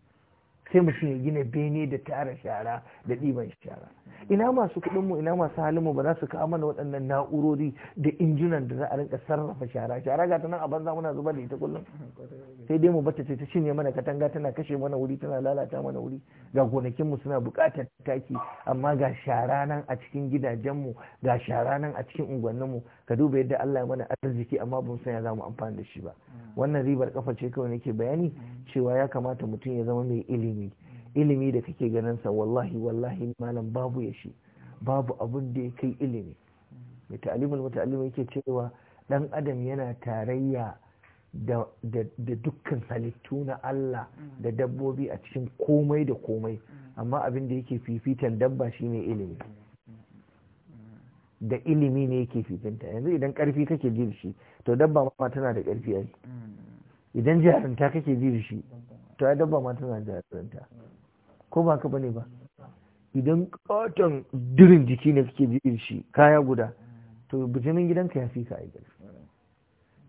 sai mutum ya gina bene da tara shara da ɗiban shara ina masu kuɗinmu ina masu halinmu ba za su kawo mana waɗannan na'urori da injunan da za a rinka sarrafa shara shara ga ta nan a banza muna zuba da ita kullum sai dai mu bata ce ta cinye mana katanga tana kashe mana wuri tana lalata mana wuri ga gonakinmu suna buƙatar taki amma ga shara nan a cikin gidajenmu ga shara nan a cikin unguwanninmu ka duba yadda Allah ya mana arziki amma ba san ya za mu amfani da shi ba wannan ribar kafa ce kawai nake bayani cewa ya kamata mutum ya zama mai ilimi ilimi da kake ganin sa wallahi wallahi malam babu ya shi babu abun da ya kai ilimi mai ta'alimul muta'allim yake cewa dan adam yana tarayya da dukkan halittu na Allah da dabbobi a cikin komai da komai amma abin da yake fifitan dabba shine ilimi da ilimi ne yake fifinta yanzu idan karfi kake ji shi to dabba ma tana da karfi idan jarinta kake ji shi to ai dabba ma tana jarinta ko ba ka bane ba idan katon dirin jiki ne suke ji shi kaya guda to bijimin gidanka ya fi ka ai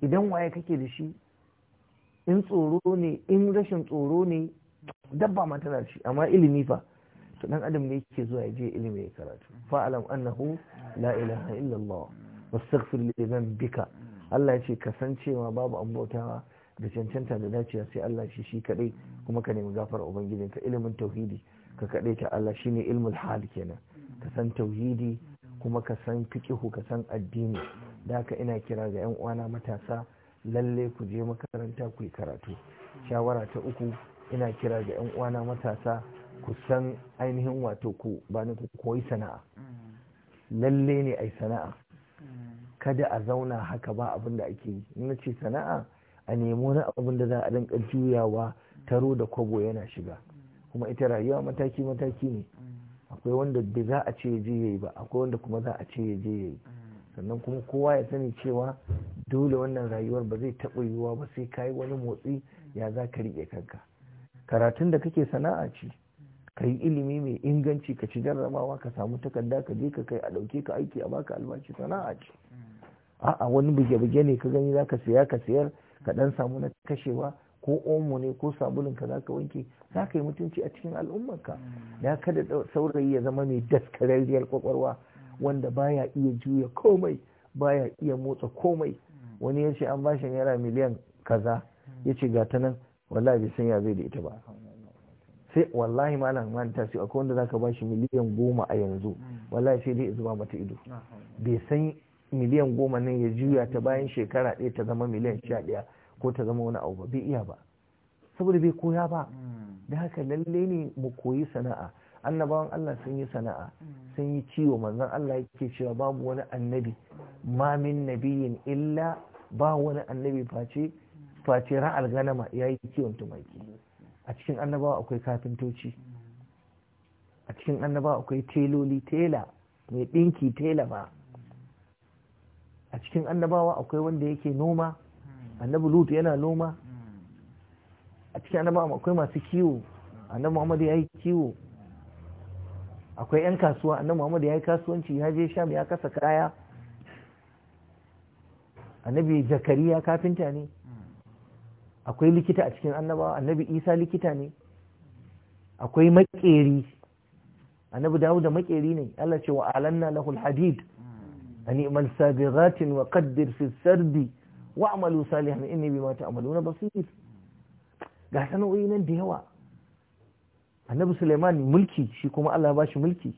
idan waye kake da shi in tsoro ne in rashin tsoro ne dabba ma tana da shi amma ilimi fa to dan adam ne yake zuwa ya je ilimi ya karatu fa'alam annahu la ilaha illallah wastaghfir li dhanbika Allah ya ce kasancewa babu ambotawa da cancanta da dacewa sai Allah shi shi kaɗai kuma ka nemi gafar ubangijin ka ilimin tauhidi ka kaɗai ta Allah shi ne ilmul hal kenan ka san tauhidi kuma ka san fiqihu ka san addini da haka ina kira ga yan uwana matasa lalle ku je makaranta ku yi karatu shawara ta uku ina kira ga yan uwana matasa ku san ainihin wato ku ba ni ku koyi sana'a lalle ne ai sana'a kada a zauna haka ba abin da ake yi na ce sana'a a nemo na abin da za a rinka juyawa taro da kwabo yana shiga kuma ita rayuwa mataki mataki ne akwai wanda da za a ce je yayi ba akwai wanda kuma za a ce ya je yayi sannan kuma kowa ya sani cewa dole wannan rayuwar ba zai taɓa yiwuwa ba sai kayi wani motsi ya za ka riƙe kanka karatun da kake sana'a ce ka yi ilimi mai inganci ka ci jarrabawa ka samu takarda ka je ka kai a ɗauke ka aiki a baka albashi sana'a ce a'a wani buge-buge ne ka gani za ka siya ka siyar ka dan samu na kashewa ko omo ne ko sabulun ka zaka wanke Za ka yi mutunci a cikin al'ummarka da mm. kada saurayi ya zama mai daskararriyar kwakwalwa mm. wanda baya iya juya komai baya iya motsa komai mm. wani ya ce an bashi naira miliyan kaza ya ce ga ta nan wallahi bai san ya zai da ita ba sai wallahi malam man ta A akwai wanda zaka shi miliyan goma a yanzu wallahi sai dai zuba mata ido bai san miliyan goma nan ya juya ta bayan shekara ɗaya ta zama miliyan sha ɗaya ko ta zama wani abu ba bai iya ba saboda bai koya ba hmm. da haka lalle ne mu koyi sana'a annabawan Allah sun yi sana'a hmm. sun yi ciwo manzon Allah yake cewa babu wani annabi ma min nabiyin illa ba wani annabi face face ra'al ganama yayi kiwon tumaki a cikin annabawa akwai kafintoci a cikin annabawa akwai teloli tela mai dinki tela ba a cikin annabawa akwai wanda yake noma annabi lutu yana noma a cikin annabi akwai masu kiwo annabi Muhammadu ya yi kiwo akwai 'yan kasuwa annabi Muhammadu ya yi kasuwanci ya je sham ya kasa kaya annabi ya kafinta ne akwai likita a cikin annabawa annabi isa likita ne akwai makeri annabi dawo da makeri ne Allah ce wa alanna lahul hadid an imal sabiratin wa qaddir fi sardi wa amalu salihan inni bima ta'maluna basir ga sanoyi nan da yawa annabi Suleiman mulki shi kuma Allah ba shi mulki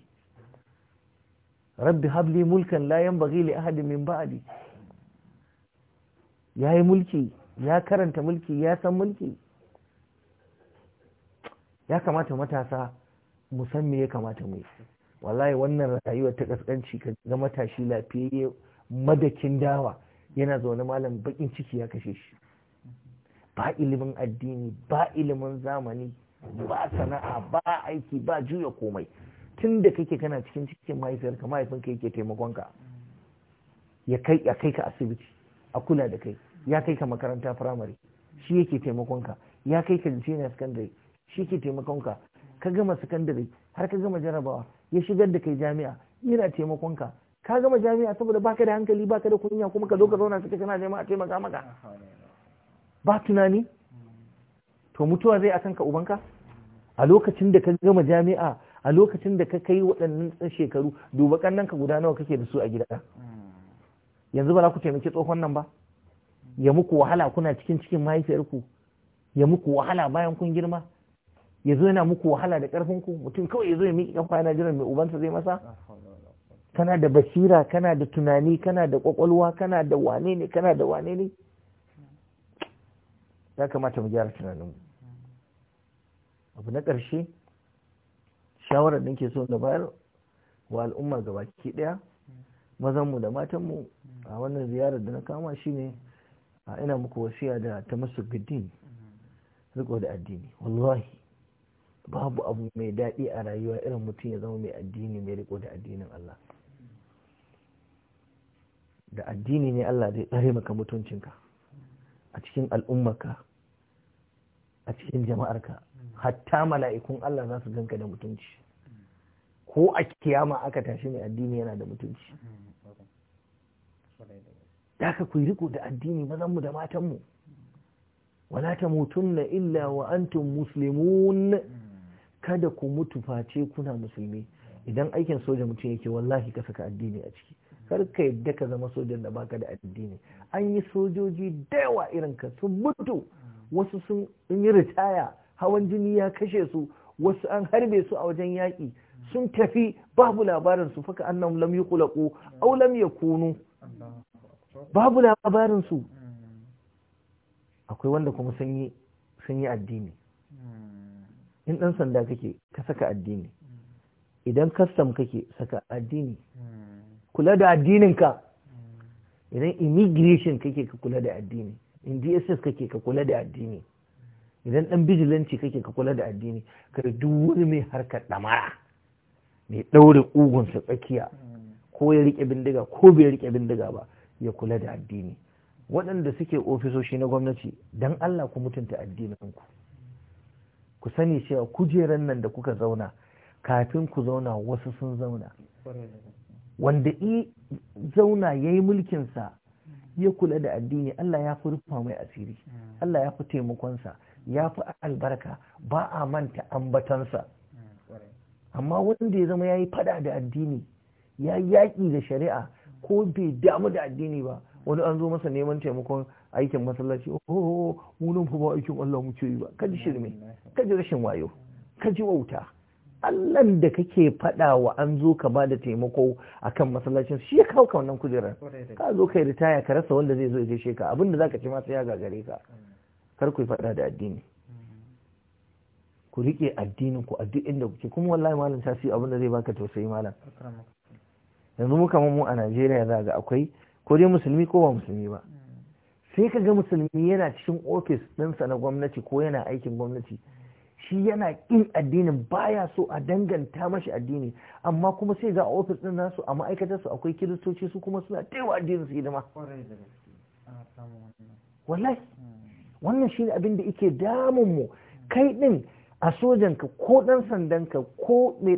rabbi habli mulkan la yanbaghi li ahadin min ba'di yayi mulki ya karanta mulki ya san mulki ya kamata matasa mu san me ya kamata mu yi wallahi wannan rayuwar ta kaskanci ga matashi lafiyayye madakin dawa yana zaune malam bakin ciki ya kashe shi ba ilimin addini ba ilimin zamani ba sana'a ba aiki ba juya komai tun da kake kana cikin cikin mahaifiyarka mahaifinka yake taimakonka ya kai ya kai ka asibiti a kula da kai ya kai ka makaranta firamare shi yake taimakonka ya kai ka junior secondary shi ke taimakonka ka gama sakandare, har ka gama jarabawa ya shigar da kai jami'a yana taimakonka ka gama jami'a saboda baka da hankali baka da kunya kuma ka zo ka zauna suke kana neman a taimaka maka ba tunani to mutuwa zai akan ka ubanka a lokacin da ka gama jami'a a lokacin da ka kai waɗannan shekaru duba kannan ka guda nawa kake da su a gida yanzu ba za ku taimaki tsohon nan ba ya muku wahala kuna cikin cikin mahaifiyarku ya muku wahala bayan kun girma ya zo yana muku wahala da ƙarfinku mutum kawai ya zo ya miƙi kafa yana jiran mai ubansa zai masa kana da basira kana da tunani kana da kwakwalwa kana da wane ne kana da wane ne ya kamata mu gyara tunaninmu abu na ƙarshe shawarar da ke so na bayar wa al'umma gabaki ɗaya mazanmu da matanmu a wannan ziyarar da na kama shine a ina muku wasiya da ta masu gidin riko da addini wallahi babu abu mai daɗi a rayuwa irin mutum ya zama mai addini mai riko da addinin Allah da addini ne Allah zai tsare maka mutuncinka a cikin al'ummarka a cikin jama'arka hatta mala'ikun Allah za su ganka da mutunci ko a kiyama aka tashi mai addini yana da mutunci daga ku riko da addini mazanmu da matanmu wala ta mutunna illa wa antum muslimun kada ku mutu face kuna musulmi idan aikin soja mutum yake wallahi ka saka addini a ciki kar ka yadda ka zama sojan da baka da addini an yi sojoji da yawa irin ka sun mutu wasu sun yi ritaya hawan jini ya kashe su wasu an harbe su a wajen yaƙi sun tafi babu labarin su faka annam lam kulaku, aw lam yakunu babu labarin su akwai wanda kuma sun yi sun yi addini in dan sanda kake ka saka addini idan kastam kake saka addini kula da addininka idan immigration kake ka kula da addini in dss kake ka kula da addini idan dan bijilanci kake ka kula da addini ka duk wani mai harkar damara mai ɗaure ƙugunsa tsakiya ko ya rike bindiga ko bai rike bindiga ba ya kula da addini waɗanda suke ofisoshi na gwamnati don Allah ku mutunta addininku ku sani cewa kujeran nan da kuka zauna kafin ku zauna wasu sun zauna wanda i zauna ya yi mulkinsa ya kula da addini Allah ya fi rufa mai asiri Allah ya fi taimakonsa ya fi albarka ba a manta ambatansa amma wanda ya zama ya yi fada da addini ya yaƙi da shari'a ko bai damu da addini ba wani an zo masa neman taimakon aikin masallaci oh mu nan fa ba aikin Allah mu ce ba kaji shirme kaji rashin wayo kaji wauta allan da kake faɗa wa an zo ka ba da taimako akan masallacin shi ya kawo kujerar ka zo kai ritaya ka rasa wanda zai zo ya sheka abin abinda zaka ci ce sai ya gagare ka kar ku yi faɗa da addini mm-hmm. ku riƙe addinin ku a duk inda kuke kuma wallahi malam ta siyo abin da zai baka tausayi malam yanzu mu kamar mu a Najeriya za ga akwai ko dai musulmi ko ba musulmi ba mm. sai ka ga musulmi yana cikin ofis ɗinsa na gwamnati ko yana aikin gwamnati shi yana ƙin addinin baya so a danganta mashi addini amma kuma sai ga ofis ɗin nasu a su akwai kiristoci su kuma suna taiwa addinin su hidima wallahi hmm. wannan shine abin da yake damun mu kai ɗin a sojanka ko ɗan sandanka ko mai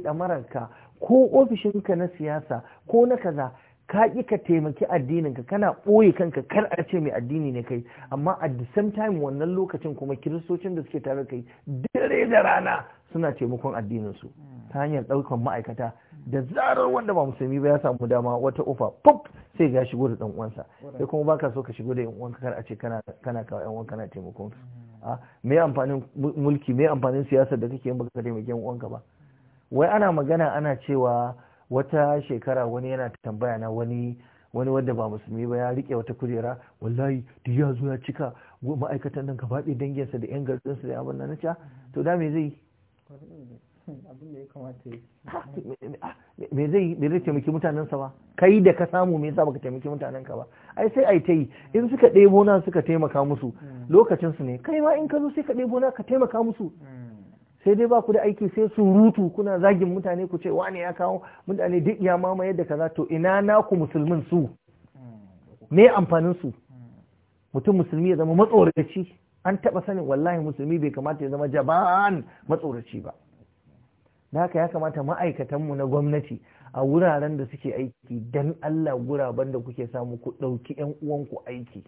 ka ko ofishinka na siyasa ko na kaza ka ƙi ka taimaki addininka kana ɓoye kanka kar a ce mai addini ne kai amma at the same time wannan lokacin kuma kiristocin da suke tare kai dare da rana suna taimakon addininsu ta hanyar ɗaukan ma'aikata da zarar wanda ba musulmi ba ya samu dama wata ofa pop sai ga shigo da ɗan uwansa sai kuma baka so ka shigo da uwanka kar a ce kana kana kawo ɗan uwanka kana taimakon su ah, me amfanin mulki me amfanin siyasar da kake yin baka taimaki ɗan uwanka ba wai ana magana ana cewa wata shekara wani yana tambaya na wani wani wanda ba musulmi ba ya rike wata kujera wallahi duk ya zo ya cika ma'aikatan nan gaba ɗaya danginsa da yan garinsa da abin nan ca ah, to da me zai me zai me zai taimaki sa ba kai da ka samu me yasa baka taimaki mutanenka ba ai sai ai ta yi in suka ɗebo na suka taimaka musu hmm. lokacin su ne kai ma in ka zo sai ka ɗebo na ka taimaka musu hmm. sai dai ba ku da aiki sai surutu kuna zagin mutane ku ce wane ya kawo mutane duk ya mamaye da kaza to ina naku musulmin su me amfanin su mutum musulmi ya zama matsoraci an taba sanin wallahi musulmi bai kamata ya zama jaban matsoraci ba Na haka ya kamata ma'aikatan mu na gwamnati a wuraren da suke aiki dan Allah guraben da kuke samu ku ɗauki 'yan uwanku aiki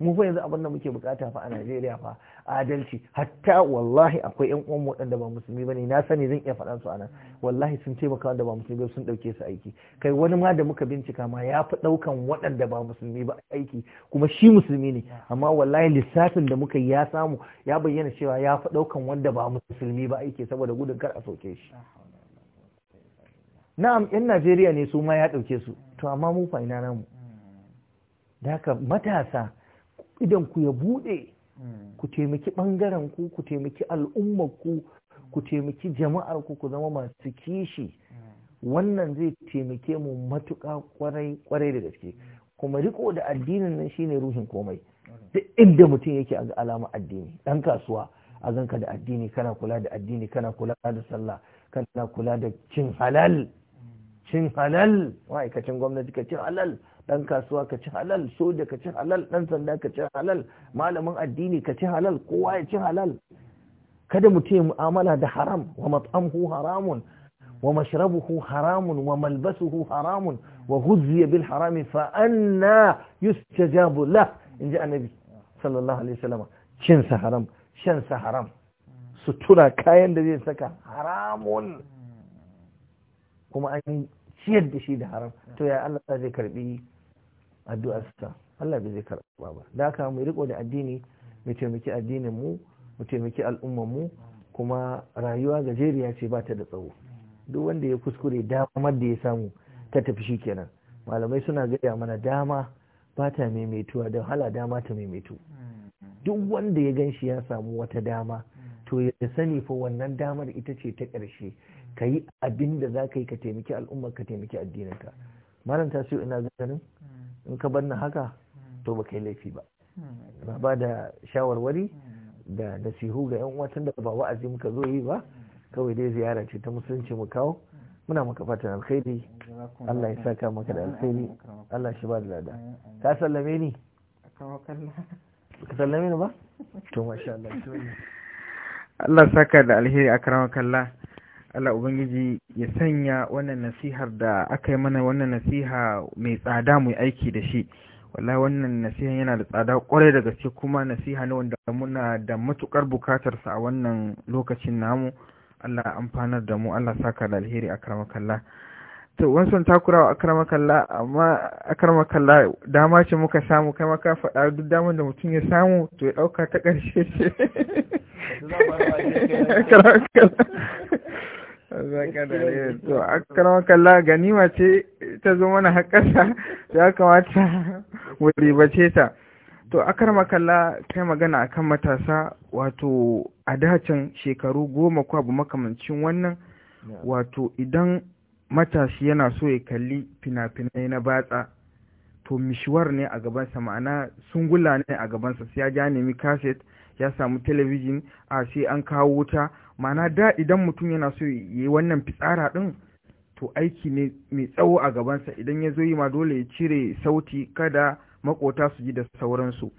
mu fa yanzu abin da muke bukata fa a Najeriya fa adalci hatta wallahi akwai ƴan uwan waɗanda ba musulmi bane na sani zan iya faɗan su anan wallahi sun taimaka wanda ba musulmi ba sun dauke su aiki kai wani ma da muka bincika ma ya fi daukan waɗanda ba musulmi ba aiki kuma shi musulmi ne amma wallahi lissafin da muka ya samu ya bayyana cewa ya fi daukan wanda ba musulmi ba aiki saboda gudun kar a soke shi na'am yan Najeriya ne su ma ya dauke su mm. to amma mu fa ina namu mm. da haka matasa idan ku ya buɗe hmm. ku taimaki ɓangaren ku ku taimaki al'ummar ku ku taimaki jama'ar ku ku zama masu kishi hmm. wannan zai taimake mu matuƙa kwarai kwarai da gaske kuma riko da addinin nan shine ruhin komai hmm. duk inda mutum yake a alama addini dan kasuwa a zanka da addini kana kula da addini kana kula da sallah kana kula da cin halal cin halal ma'aikacin gwamnati ka cin halal dan kasuwa ka ci halal soja ka ci halal dan sanda ka ci halal malamin addini ka ci halal kowa ya ci halal kada mutum ya mu'amala da haram wa mat'amhu haramun wa mashrabuhu haramun wa malbasuhu haramun wa huzziya bil harami fa anna yustajabu In inji annabi sallallahu alaihi wasallam cin sa haram shan sa haram sutura kayan da zai saka haramun kuma an ciyar da shi da haram to ya Allah zai karbi addu'arsa Allah bai zai karɓa ba da haka mu riko da addini mu taimaki addinin mu mu taimaki al'ummar mu kuma rayuwa gajeriya ce ba ta da tsawo duk wanda ya kuskure damar da ya samu ta tafi shi kenan malamai suna gaya mana dama ba ta maimaituwa da hala dama ta maimaitu duk wanda ya ganshi ya samu wata dama to ya sani fa wannan damar ita ce ta ƙarshe ka yi abin da za ka yi ka taimaki al'ummar ka taimaki addininka malam ta ina ganin in ka banna haka hmm. to ba kai laifi ba na hmm. ba da shawarwari hmm. da nasihu ga yan watan da ba wa'azi muka zo yi ba kawai dai ziyara ce ta musulunci mu kawo muna maka fatan alkhairi Allah ya saka maka da alkhairi Allah shi ba da lada ka sallame ni ka sallame ni ba to masha Allah <laughs> Allah saka da alheri akramakallah Allah Ubangiji ya sanya wannan nasihar da aka yi mana wannan nasiha mai tsada mu aiki da shi wallahi wannan nasiha yana da tsada kwarai da gaske kuma nasiha ne wanda muna da matukar bukatarsa a wannan lokacin namu Allah amfanar da mu Allah saka da alheri karamakalla. to wansan takurawa akramakallah amma akramakallah dama ce muka samu kai maka faɗa duk damar da mutum ya samu to ya ɗauka ta ƙarshe ce <laughs> to akrama kalla ganima ce ta zo mana haƙasa ya kamata mu ribace ta to kalla kai magana akan matasa wato a dacin shekaru goma ko abu makamancin wannan wato idan matashi yana so ya kalli fina-finai na batsa to mishwar ne a gabansa ma'ana sungula ne a gabansa sai ya ja nemi kaset ya samu talabijin a sai an kawo wuta mana da idan mutum yana so ya yi wannan fitsara ɗin to aiki ne mai tsawo a gabansa idan ya zo yi ma dole ya cire sauti kada makota su ji da sauransu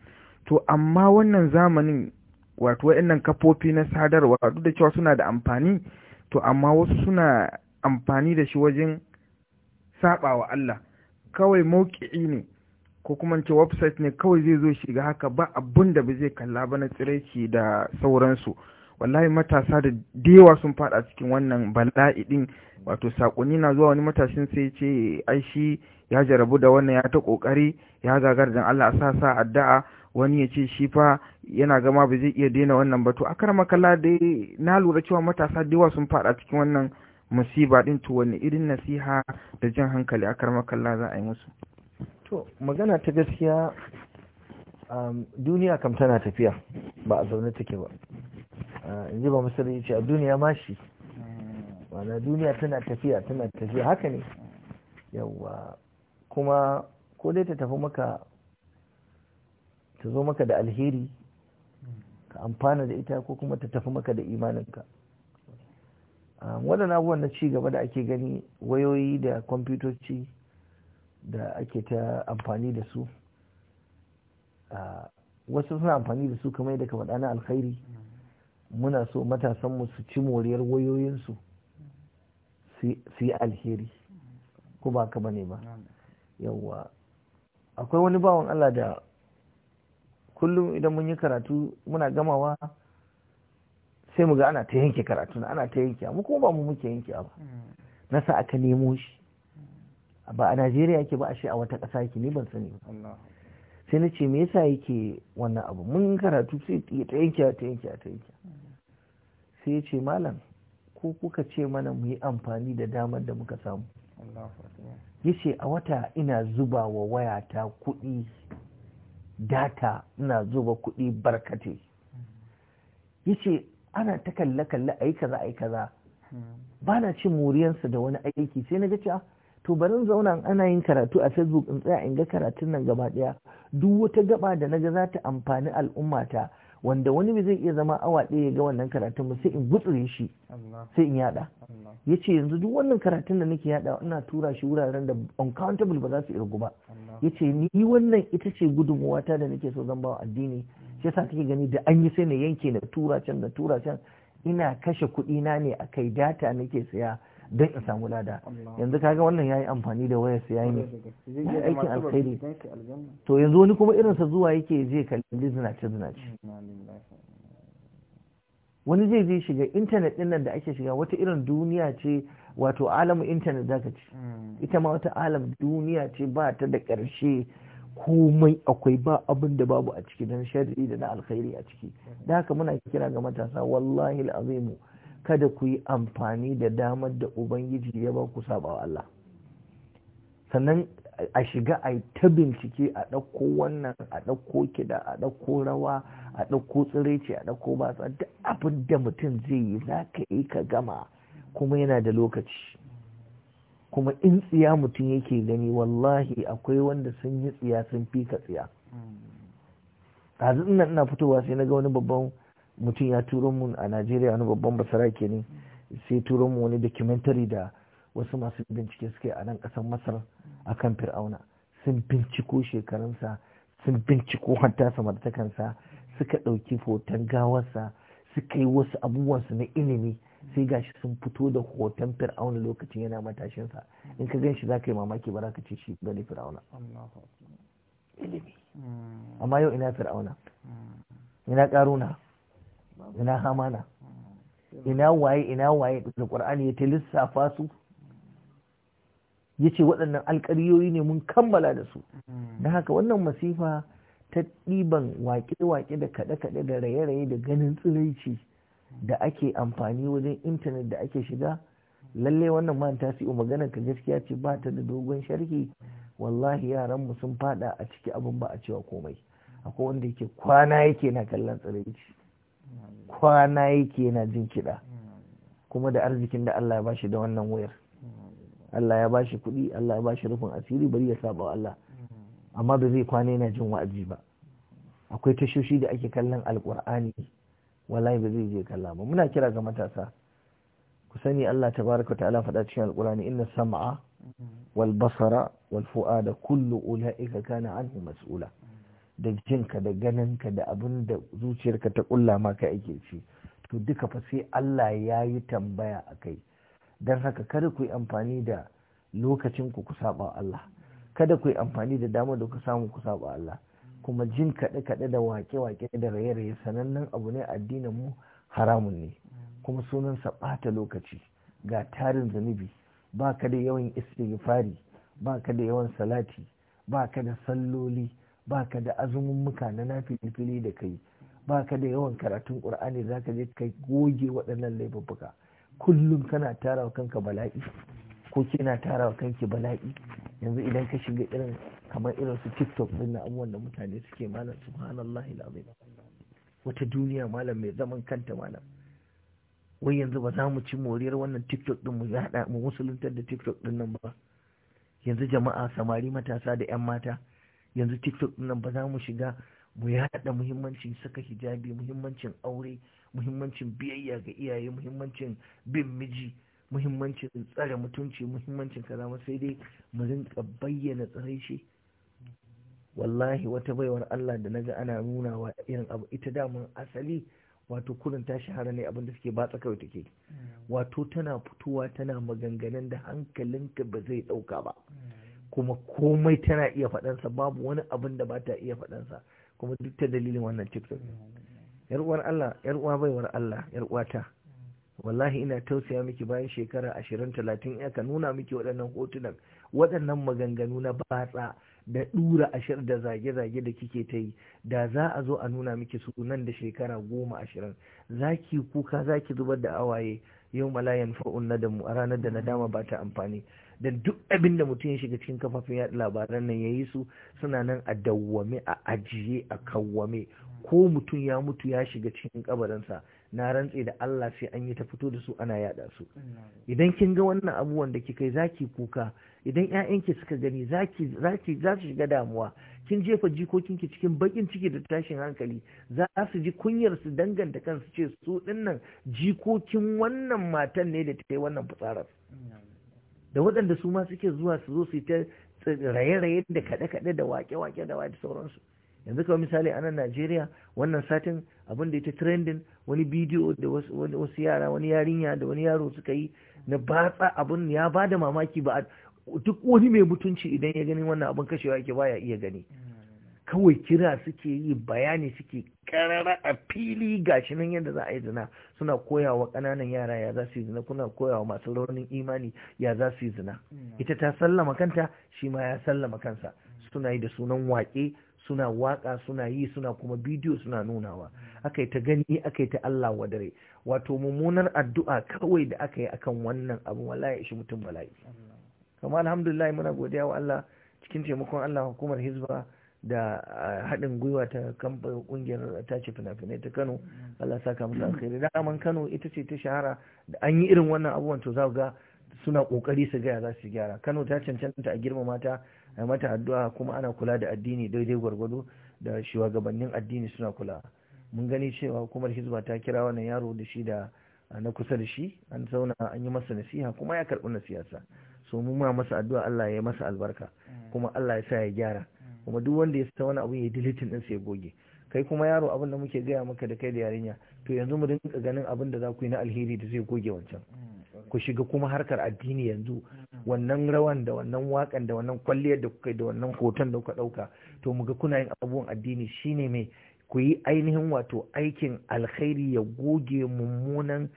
to amma wannan zamanin wato wa'annan kafofi na sadarwa duk da cewa suna da amfani to amma wasu suna amfani da shi wajen sabawa Allah kawai mauki'i ne ko kuma ce website ne kawai zai zo shiga haka ba abun da ba zai kalla ba na tsiraici da sauransu wallahi matasa da dewa sun fada cikin wannan bala'i din wato sakonni na zuwa wani matashin sai ce ai shi ya jarabu da wannan ya ta kokari ya zagar dan Allah sa sa addu'a wani ya ce shi fa yana gama ba zai iya daina wannan ba to a karama kalla dai na lura cewa matasa dewa sun fada cikin wannan musiba din to wani irin nasiha da jin hankali a karama kalla za a yi musu to magana ta gaskiya um, duniya kam tana tafiya ba a zaune take ba uh, in ji ba misali ce a duniya ma shi wana duniya tana tafiya tana tafiya haka ne yawa kuma ko dai ta tafi maka ta zo maka da alheri ka amfana da ita ko kuma ta tafi maka da imaninka um, waɗannan abubuwan na ci gaba da ake gani wayoyi da kwamfutoci da ake ta amfani da su wasu suna amfani da su kamar daga ka faɗa na alkhairi muna so matasanmu su ci moriyar wayoyinsu su yi alheri ko ba ka bane ba yawwa akwai wani bawan Allah da kullum idan mun yi karatu muna gamawa sai mu ga ana ta yanke karatu ana ta yanke mu kuma ba mu muke yanke ba na sa aka nemo shi ba a Najeriya yake ba a shi a wata ƙasa yake ne ban sani ba sai na ce me yasa yake wannan abu mun karatu sai ya ta yanke ta yanke ta yanke sai ya ce malam ko kuka ce mana mu yi amfani da damar da muka samu ya ce a wata ina zuba wa waya ta kuɗi data ina zuba kuɗi barkate ya ce ana ta kalle-kalle a yi kaza a yi kaza hmm. ba na cin muriyansa da wani aiki sai na ga cewa ah, to barin zauna ana yin karatu a facebook in tsaya in ga karatun nan gaba daya duk wata gaba da naga za ta amfani al'ummata wanda wani bai zai iya zama awa ɗaya ya ga wannan karatun ba sai in gutsure shi sai in yada ya ce yanzu duk wannan karatun da nake yada ina tura shi wuraren da uncountable ba za su irgu ba ya ce ni wannan ita ce gudunmuwata da nake so zan ba addini mm. shi yasa kake gani da an yi sai na yanke na tura can da tura can ina kashe kuɗi na ne a kai data nake saya don in samu lada yanzu kaga wannan ya yi amfani da wayar sa yayi aikin alkhairi to yanzu wani kuma irinsa zuwa yake zai kalli zinace zinace wani zai je shiga intanet din nan da ake shiga wata irin duniya ce wato alamu intanet zaka ci hmm. ita ma wata alam duniya ce ba ta da ƙarshe komai akwai ba abin da babu a ciki don shari'i da na alkhairi a ciki da haka muna kira ga matasa wallahi al'azimu kada ku yi amfani da damar da ubangiji ya ba ku saba wa Allah sannan a shiga a ta bincike a ɗauko wannan a ɗauko kida a ɗauko rawa a ɗauko tsiraici a ɗauko batsa duk abin da mutum zai yi za ka yi ka gama kuma yana da lokaci kuma in tsiya mutum yake gani wallahi akwai wanda sun yi tsiya sun fi ka tsiya ɗazu ina fitowa sai na ga wani babban mutum ya turo mun a najeriya wani babban basarake ne sai turo mun wani documentary da wasu masu bincike suke a nan kasar masar a kan fir'auna sun binciko shekarunsa sun binciko hatta samartakansa suka ɗauki hoton gawarsa suka yi wasu abubuwansu na ilimi sai gashi sun fito da hoton fir'auna lokacin yana matashinsa in ka gan shi za ka yi mamaki ba za ka ce shi gani fir'auna hmm. amma yau ina fir'auna hmm. ina ƙaruna ina hamana ina waye ina waye da qur'ani ya lissafa su yace waɗannan alƙaryoyi ne mun kammala da su dan haka wannan masifa ta ɗiban waƙe-waƙe da kaɗe-kaɗe da raye-raye da ganin tsiraici da ake amfani wajen intanet da ake shiga lalle wannan man tasi'u magana ka gaskiya ce ba ta da dogon sharhi wallahi yaran mu sun fada a ciki abin ba a cewa komai akwai wanda yake kwana yake na kallon tsiraici kwana yake yana jin kiɗa kuma da arzikin da Allah ya bashi da wannan wayar Allah ya bashi kuɗi Allah ya bashi rufin asiri bari ya saba wa Allah amma ba zai kwana yana jin wa'azi ba akwai tashoshi da ake kallon alkur'ani wallahi ba zai je kalla ba muna kira ga matasa ku sani Allah tabaraka ta'ala faɗa cikin alkur'ani inna sam'a wal basara wal fu'ada kullu ulaika kana anhu mas'ula da jinka da ganinka da abin da zuciyarka ta ƙulla maka ake ci to duka fa sai Allah ya yi tambaya a kai don haka kada ku yi amfani da lokacin ku saba Allah kada ku yi amfani da dama da ku samu ku saba Allah kuma jin kaɗe-kaɗe da wake-wake da raye-raye sanannen abu ne addinin mu haramun ne kuma sunan sa ɓata lokaci ga tarin zunubi ba ka da yawan istighfari ba ka da yawan salati ba ka da salloli Ba ka da azumin muka na fili da kai ka da yawan karatun za ka je kai goge waɗannan laifuffuka kullum kana tara kanka bala'i ko kina tara wa kanki bala'i yanzu idan ka shiga irin kamar irin su tiktok din na abubuwan da mutane suke malam Subhanallah, alazim wata duniya malam mai zaman kanta malam wai yanzu ba za mu ci moriyar wannan tiktok din mu yada mu musuluntar da tiktok din nan ba yanzu jama'a samari matasa da yan mata yanzu tiktok nan ba za mu shiga mu yaɗa muhimmancin saka hijabi muhimmancin aure muhimmancin biyayya ga iyaye muhimmancin bin miji muhimmancin tsare mutunci muhimmancin kaza sai dai mu rinka bayyana tsare shi wallahi wata baiwar Allah da naga ana nuna wa irin abu ita damun asali wato kurin ta shahara ne abin da suke batsa kawai take mm. wato tana fitowa tana maganganun da hankalinka ba zai dauka ba mm. kuma komai tana iya faɗansa babu wani abin da ba ta iya faɗansa kuma duk ta dalilin wannan tiktok yar uwar Allah yar uwa baiwar Allah yar uwata wallahi ina tausaya miki bayan shekara ashirin talatin ya ka nuna miki waɗannan hotunan waɗannan maganganu na batsa da ɗura ashir da zage-zage da kike ta yi da za a zo a nuna miki sunan da shekara goma ashirin za ki kuka za ki zubar da awaye yau malayan fa'un nadamu a ranar da nadama ba ta amfani da duk abin da mutum ya shiga cikin kafafen yaɗa labaran nan ya yi su suna nan a dawwame a ajiye a kawwame ko mutum ya mutu ya shiga cikin kabarinsa na rantse da Allah sai an yi ta fito da su ana yada su idan kin ga wannan abubuwan da kika yi zaki kuka idan ƴaƴanki suka gani zaki zaki za su shiga damuwa kin jefa jikokinki cikin bakin ciki da tashin hankali za su ji kunyar su danganta kansu ce su dinnan jikokin wannan matan ne da ta yi wannan fitsarar da waɗanda su ma suke zuwa su zo su yi ta raye-raye da kaɗe-kaɗe da wake-wake da wake sauransu yanzu kawai misali a nan najeriya wannan satin abin da ya ta trending wani bidiyo da wasu yara wani yarinya da wani yaro suka yi na batsa abin ya ba da mamaki ba duk wani mai mutunci idan ya gani wannan abin kashewa ke baya iya gani kawai kira suke yi bayani suke karara a fili gashi nan yadda za a yi zina suna koyawa ƙananan yara ya za su yi zina kuna koyawa masu raunin imani ya za su yi zina mm. ita ta sallama kanta shi ma ya sallama kansa suna yi da sunan waƙe suna waƙa suna yi suna kuma bidiyo suna nunawa aka yi ta gani aka yi ta Allah wadare wato mummunar addu'a kawai da aka yi akan wannan abu wallahi shi mutum bala'i kamar alhamdulillah muna godiya wa Allah cikin taimakon Allah hukumar hizba da haɗin gwiwa ta kungiyar ce fina-finai ta kano allah saka musu alkhairi aman kano ita ce ta shahara da an yi irin wannan abubuwan to za ga suna ƙoƙari su gaya za su gyara kano ta cancanta a girma mata a mata addu'a kuma ana kula da addini daidai gwargwado da shugabannin addini suna kula mun gani cewa hukumar hizba ta kira wannan yaro da shi da na kusa da shi an zauna an yi masa nasiha kuma ya karɓi nasiyarsa so mu ma masa addu'a Allah ya masa albarka kuma Allah ya sa ya gyara kuma duk wanda ya sa wani abu ya dilitin din sai goge kai kuma yaro abin da muke gaya maka da kai da yarinya to yanzu mu rinka ganin abin da za ku yi na alheri da zai goge wancan mm. ku shiga kuma harkar addini yanzu mm. wannan rawan da wannan wakan da wannan kwalliyar da kuka da wannan hoton da kuka dauka to mu ga kuna yin abubuwan addini shine mai ku yi ainihin wato aikin alheri ya goge mummunan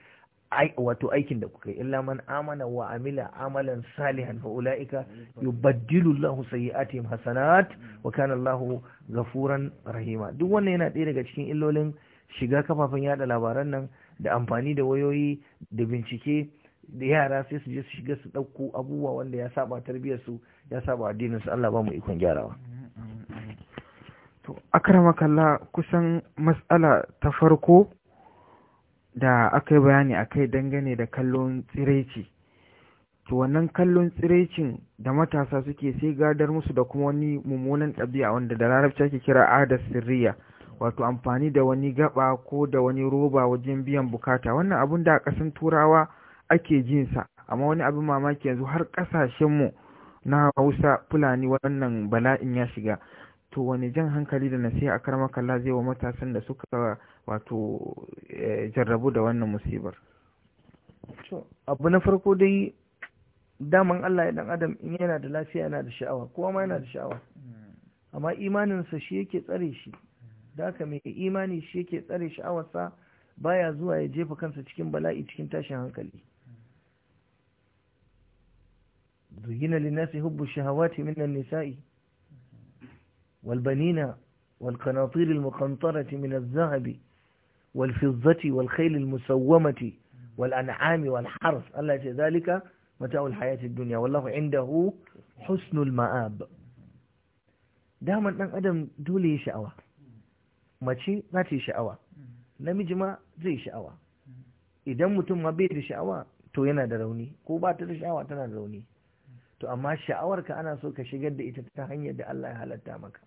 wato aikin da kuka yi illa man amana wa amila amalan salihan fa ulaika yubaddilu Allahu sayyi'atihim hasanat wa kana Allahu ghafuran rahima duk wannan yana ɗaya daga cikin illolin shiga kafafen yada labaran nan da amfani da wayoyi da bincike da yara sai su je su shiga su ɗauko abubuwa wanda ya saba tarbiyyar su ya saba addinin su Allah ba mu ikon gyarawa to akramaka kusan matsala ta farko da aka yi bayani a kai dangane da kallon tsiraici to wannan kallon tsiraicin da matasa suke sai gadar musu da kuma wani mummunan ɗabi'a wanda da larabci ake kira adas sirriya wato amfani da wani gaba ko da wani roba wajen biyan bukata wannan abun da a ƙasan turawa ake jinsa amma wani abin mamaki yanzu har ƙasashenmu na hausa fulani wannan bala'in ya shiga to wani jan hankali da nasiha a karmakalla zai wa matasan da suka wato eh, jarrabu da wannan musibar abu na farko dai daman Allah ya dan adam in yana da lafiya yana da sha'awa kowa ma yana da sha'awa amma imaninsa shi yake tsare shi da aka mai imani shi yake tsare sha'awarsa baya zuwa ya jefa kansa cikin bala'i cikin tashin hankali زين hubbu هب الشهوات nisa'i walbanina والبنين والقناطير المقنطرة من zahabi. Wal والفضة والخيل المسومة والأنعام والحرث الله يقول ذلك متاع الحياة الدنيا والله عنده حسن المآب دائما ɗan adam dole ya sha'awa mace za ta yi sha'awa namiji ma zai sha'awa idan mutum ma bai da sha'awa to yana da rauni ko ba ta da sha'awa tana da rauni to amma sha'awarka ana so ka shigar da ita ta hanyar da Allah ya halatta maka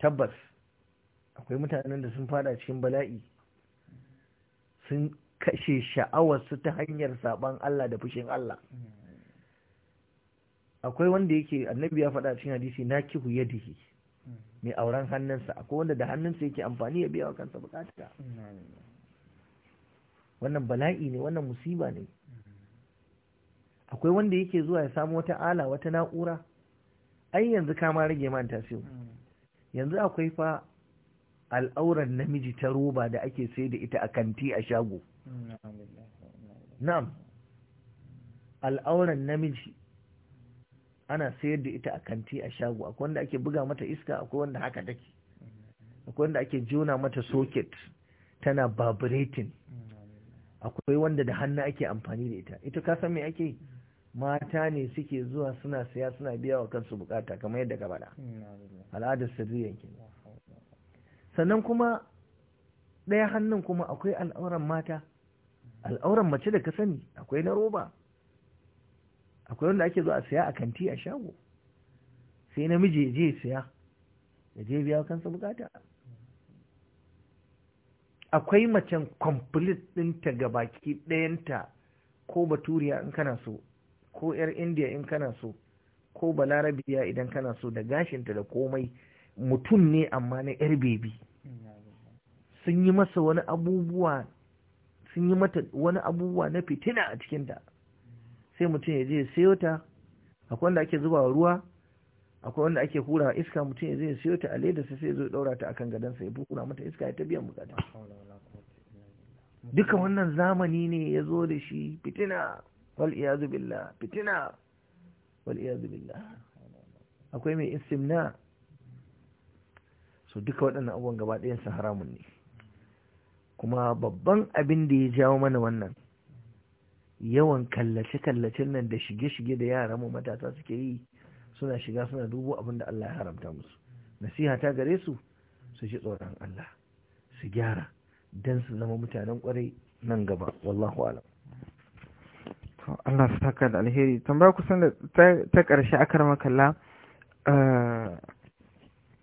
tabbas akwai mutanen da sun fada cikin bala'i sun kashe sha'awarsu ta hanyar saban Allah da fushin Allah akwai wanda yake annabi ya faɗa cikin hadisi na kihu yadihi mai auren hannunsa akwai wanda da hannunsa yake amfani ya biya wa kansa bukata wannan bala'i ne wannan musiba ne akwai wanda yake zuwa ya samu wata ala wata na'ura ai yanzu kama rage man tasiri yanzu akwai fa al'auran namiji ta roba da ake sai da ita a kanti a shago na'am al'auran namiji ana sayar da ita a kanti a shago akwai wanda ake buga mata iska akwai wanda haka take akwai wanda ake jona mata soket tana vibrating akwai wanda da hannu ake amfani da ita ita ka san me ake mata ne suke zuwa suna saya suna biya wa kansu bukata kamar yadda ka faɗa al'adar sirriyan kenan sannan kuma ɗaya hannun kuma akwai al'auran mata al'auran mace da ka sani akwai na roba akwai wanda ake zuwa a saya a kanti a shago sai namiji ya je saya, ya je biya kansa bukata akwai macen complete ɗinta ga baki ɗayanta ko baturiya in kana so ko 'yar indiya in kana so ko balarabiya idan kana so da gashinta da komai mutum ne amma na yar bebi sun yi masa wani abubuwa sun yi mata wani abubuwa na fitina a cikinta sai mutum ya je ya sayo ta akwai wanda ake zuba ruwa akwai wanda ake hura iska mutum ya je ya sayo ta a leda sai zo daura ta akan gadansa ya hura mata iska ya ta biyan bukata duka wannan zamani ne ya zo da shi fitina wal iyazu billah fitina wal iyazu billah akwai mai istimna so duka waɗannan abubuwan gaba ɗayansu haramun ne kuma babban abin da ya jawo mana wannan yawan kallace-kallacen nan da shige-shige da yara mu matasa suke yi suna shiga suna dubo abin da Allah ya haramta musu nasiha ta gare su su ji tsoron Allah su gyara don su zama mutanen kwarai nan gaba wallahu alam Allah su taka da alheri tambaya kusan da ta ƙarshe akar makalla eh,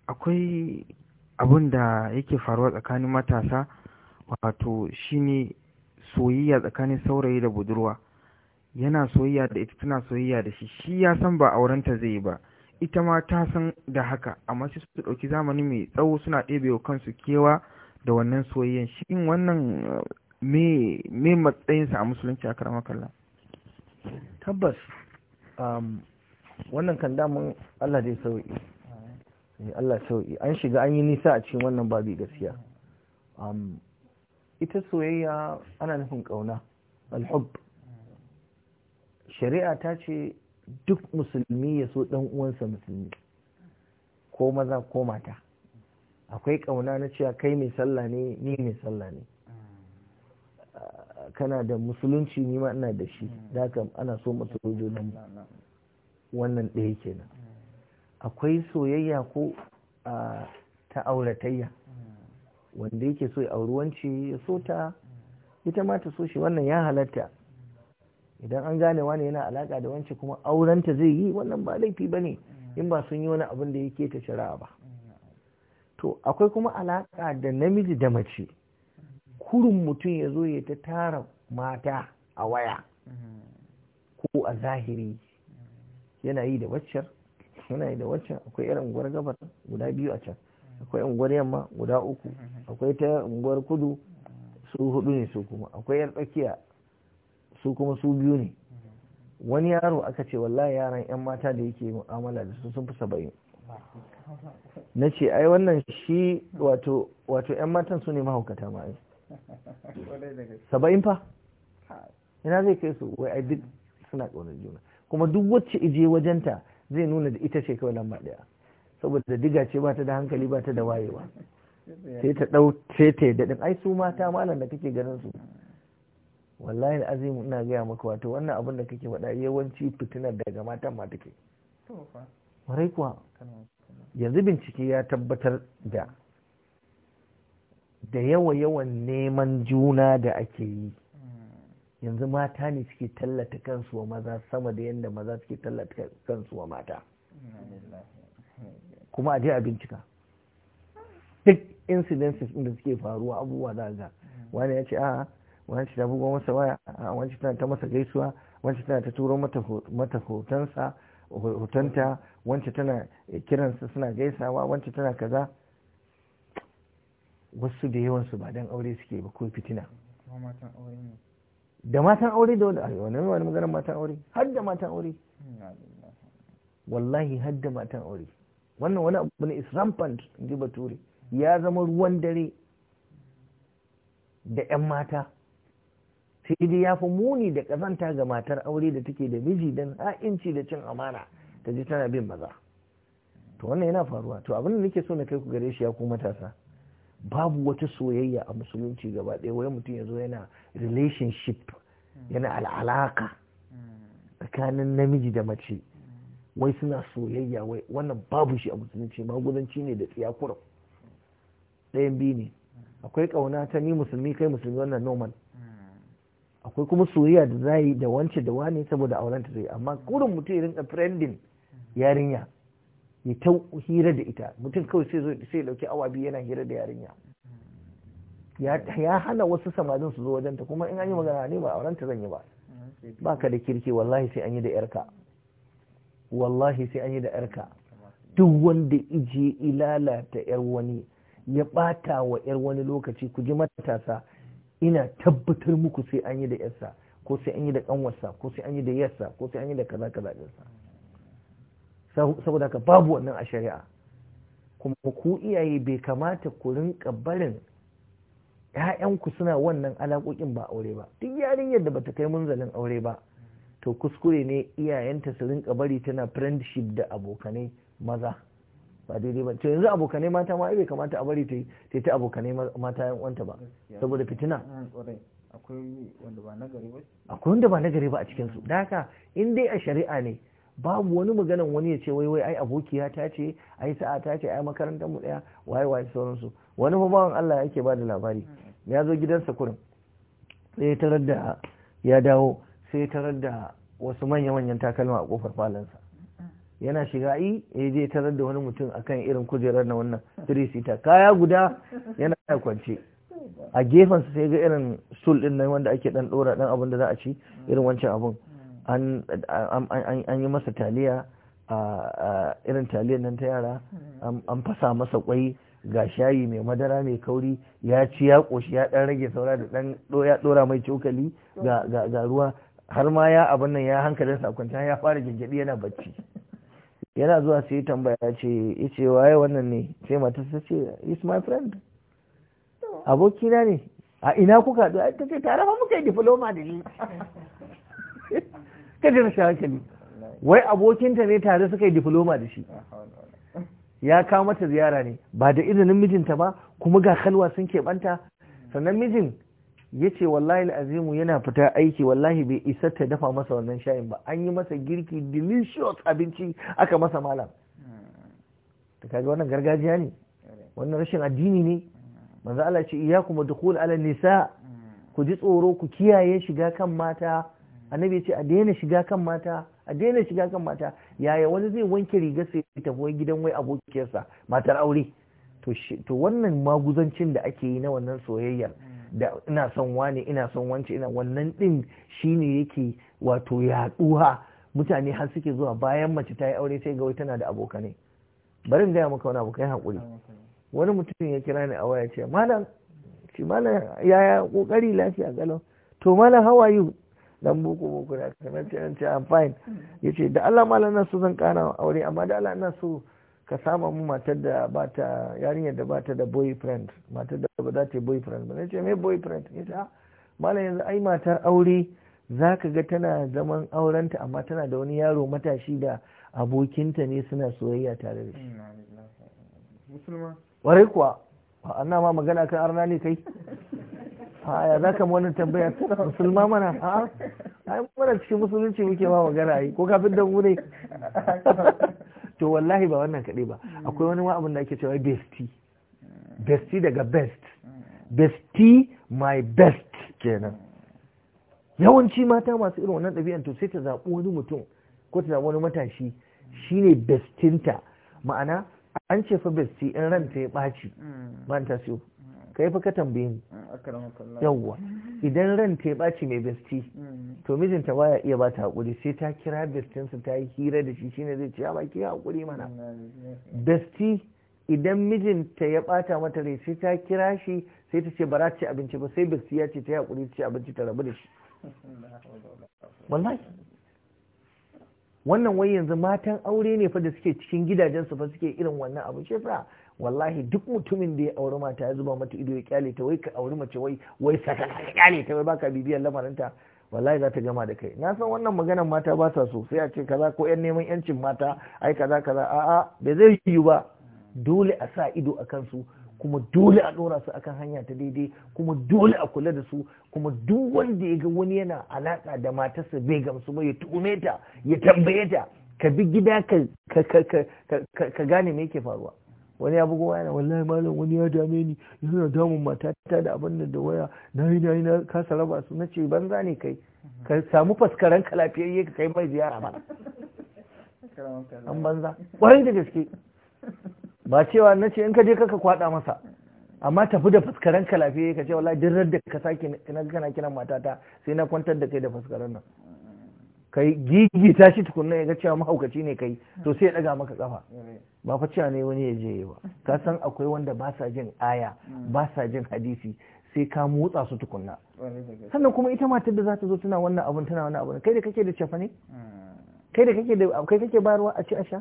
akwai abun da yake faruwa tsakanin matasa wato shine soyayya tsakanin saurayi da budurwa yana soyayya da ita tana soyayya da shi shi ya san ba aurenta zai yi ba ita ma ta san da haka amma shi su ɗauki zamani mai tsawo suna ɗebewa kansu kewa da wannan soyayyan shi in wannan uh, me matsayinsa a musulunci a karama kalla tabbas um, wannan kan damun allah dai sauki Eh, Allah sauƙi an shiga an yi nisa a cikin wannan babi gaskiya um, ita soyayya ana nufin ƙauna alhub shari'a ta ce duk musulmi ya so ɗan uwansa musulmi ko maza ko mata akwai ƙauna na cewa kai mai sallah ne ni mai sallah ne kana da musulunci ni ma ina da shi da ana so masu wannan ɗaya kenan akwai soyayya ko ta auratayya wanda yake so ya auri ya so ta ita ma ta so shi wannan ya halatta idan an gane wani yana alaka da wance kuma aurenta zai yi wannan ba laifi ba ne in ba sun yi wani abin da yake ta shari'a ba to akwai kuma alaka da namiji da mace kurun mutum ya zo ya ta tara mata a waya ko a zahiri yana yi da waccan. muna da wacce akwai irin unguwar gabar guda biyu a can akwai unguwar yamma guda uku akwai ta unguwar kudu su hudu ne su kuma akwai yar tsakiya su kuma su biyu ne wani yaro aka ce wallahi yaran yan mata da yake mu'amala da su sun fi saba'in na ce ai wannan shi wato wato yan matan su ne mahaukata ma ai saba'in fa ina zai kai su wai ai duk suna ƙaunar juna kuma duk wacce ije wajenta zai nuna da ita ce kawai lamba ɗaya saboda diga ce ba ta da hankali ba ta da wayewa sai ta ɗau sai ta ai su mata malam da kake ganin su wallahi azimu ina gaya maka wato wannan abin da kake faɗa yawanci fitinar daga matan ma take warai kuwa yanzu bincike ya tabbatar da da yawa yawan neman juna da ake yi yanzu mata ne suke tallata kansu wa maza sama da yadda maza suke tallata kansu wa mata kuma a je a bincika duk incidences da suke faruwa abubuwa za ga wani ya ce a wani ta goma masa waya a wani tana ta masa gaisuwa wani tana ta turo mata hotonsa hotonta wance tana kiransa suna gaisawa wance tana kaza wasu da yawansu ba dan aure suke ba ko fitina da matan aure da wani wani wani maganin matan aure har da matan aure wallahi har da matan aure wannan wani abu ne is rampant in ji bature ya zama ruwan dare da 'yan mata sai dai ya fi muni da kazanta ga matar aure da take da miji don ha'inci da cin amana ta ji tana bin maza to wannan yana faruwa to abin da nake so na kai ku gare shi ya ku matasa babu wata soyayya a musulunci gaba ɗaya wai mutum ya zo yana relationship hmm. yana al'alaka hmm. tsakanin namiji da mace wai suna soyayya wai wannan babu shi a musulunci magudanci ne da tsiyakura ɗayan biyu ne hmm. akwai ƙauna ta ni musulmi kai musulmi wannan normal akwai kuma soyayya da za yi da wance da wani saboda ta zai amma kurin mutum irin a friendin yarinya ya ta hira da ita mutum kawai sai zo sai dauki awa biyu yana hira da yarinya ya hana wasu samarin su zo wajen ta kuma in an yi magana ne ba auren ta zan yi ba Ba ka da kirki wallahi sai an yi da yarka wallahi sai an yi da yarka duk wanda ije ilalata yar wani ya bata wa yar wani lokaci ku ji matasa ina tabbatar muku sai an yi da yarsa ko sai an yi da kanwarsa ko sai an yi da yarsa ko sai an yi da kaza kaza saboda ka babu wannan a shari'a kuma ku iyaye bai kamata ku rinka barin ‘ya'yanku suna wannan alaƙoƙin ba aure ba duk yarinyar da bata kai munzalin aure ba to kuskure ne iyayenta su rinka bari tana friendship da abokanai maza ba daidai ba to yanzu abokanai mata ma bai kamata a bari ta ta abokanai mata yan uwanta ba saboda fitina akwai wanda ba nagari ba a cikin su da haka in dai a shari'a ne babu wani maganan wani ya ce wai wai ai abokiya ta ce ai sa'a ta ce ai makarantar mu daya Wai-wai sauransu wani fa bawan Allah yake ba da labari hmm. ya zo gidansa kurin sai ya tarar da ya dawo sai ya tarar da wasu manya manyan takalma a kofar falansa hmm. yana shiga yi ya je tarar da wani mutum akan irin kujerar na wannan Tiri sita kaya guda yana kwance a gefensa sai ga irin sul din nan wanda ake dan dora dan abin da za a ci hmm. irin wancan abun an yi masa taliya a irin taliyan nan ta yara hmm. an fasa masa kwai ga shayi mai madara mai kauri ya ci ya koshi ya dan rage saura da dan ya dora mai cokali ga ruwa har ma ya abin nan ya hankalin sakwanta ya fara gingidi yana bacci <laughs> yana zuwa sai tambaya ce ce waye wannan ne sai mata ta ce is my friend abokina ne a ina kuka ta ce tare fa muka yi diploma da ni <laughs> ka ji hankali wai abokinta ne tare suka yi diploma da shi ya kawo mata ziyara ne ba da izinin mijinta ba kuma ga kalwa sun keɓanta sannan mijin ya ce wallahi azimu yana fita aiki wallahi bai isa ta dafa masa wannan shayin ba an yi masa girki delicious abinci aka masa malam ta kaji wannan gargajiya ne wannan rashin addini ne manzo Allah ce iyakum dukhul ala nisa ku ji tsoro ku kiyaye shiga kan mata annabi ya ce a daina shiga kan mata a daina shiga kan mata yaya wani zai wanke riga sai ya tafi wai gidan wai abokiyarsa matar aure to wannan maguzancin da ake yi na wannan soyayyar da ina son wani ina son wance ina wannan din shine yake wato ya yaduwa mutane har suke zuwa bayan mace ta yi aure sai ga wai tana da abokanai bari in gaya maka wani abu kai hakuri wani mutum ya kira ni a waya ce malam shi malam yaya kokari lafiya galau to malam how are you dan boko boko da aka nace an ce am fine mm. yace da Allah malam na so zan kana aure amma da Allah na so ka sama mu matar da ba ta yarinyar da ba ta da boyfriend matar da ba za ta yi boyfriend ba nace me boyfriend yace a ah, malam yanzu ai matar aure zaka ga tana zaman aurenta amma tana da wani yaro matashi da abokinta ne suna soyayya tare da shi warai kuwa ma magana kan arna ne kai <laughs> ya za ka wani tambaya musulma mana a ai mana cikin musulunci muke ma magana yi ko kafin da mu to wallahi ba wannan kaɗai ba akwai wani ma abin da ake cewa besti besti daga best besti my best kenan yawanci mata masu irin wannan ɗabi'an to sai ta zaɓi wani mutum ko ta zaɓi wani matashi shine bestinta ma'ana an ce fa besti in ranta ya ɓaci mm. ba ta siyo kai fi ka tambaye ni ah, yawwa idan ran ta ɓaci mai besti mm. to mijinta baya iya ba ta haƙuri sai ta kira bestinsu ta yi hira da shi shine zai ce ya baki haƙuri mana besti idan mijinta ya ɓata mata rai sai ta kira shi sai ta ce ba ci abinci ba sai besti ya ce ta yi haƙuri ci abinci ta rabu da shi <laughs> wallahi wannan wai yanzu matan aure ne fa da suke cikin gidajensu fa suke irin wannan abu shi yasa wallahi duk mutumin da ya auri mata ya zuba mata ido ya kyale ta wai ka auri mace wai wai saka ka kyale ta wai baka bibiyar lamarinta wallahi za ta gama da kai na san wannan maganar mata ba sa so sai a ce kaza ko yan neman yancin mata ai kaza kaza a'a bai zai yiwu ba dole a sa ido a kansu kuma dole a ɗora su akan hanya ta daidai kuma dole a kula da su kuma duk wanda ya ga wani yana alaka da matarsa bai gamsu ba ya tuhume ta ya tambaye ta ka bi gida ka gane me yake faruwa wani ya bugo waya wallahi malam wani ya dame ni yana damun matata da abin nan da waya na yi na yi na kasa raba su na ce banza ne kai ka samu faskaren ka lafiyayye ka kai mai ziyara ba an banza kwarai da gaske ba cewa na ce in ka je kaka kwada masa amma tafi da faskaren ka lafiyayye ka ce wallahi duk da ka sake kana kiran matata sai na kwantar da kai da faskaren nan kai gigita shi tukunna ya ga cewa mahaukaci ne kai to sai ya daga maka kafa ba fa cewa ne wani ya je ba ka san akwai wanda ba sa jin aya ba sa jin hadisi sai ka motsa su tukunna sannan kuma ita matar da za ta zo tana wannan abun tana wannan abun kai da kake da cefa ne kai da kake da kai kake bayarwa a ci a sha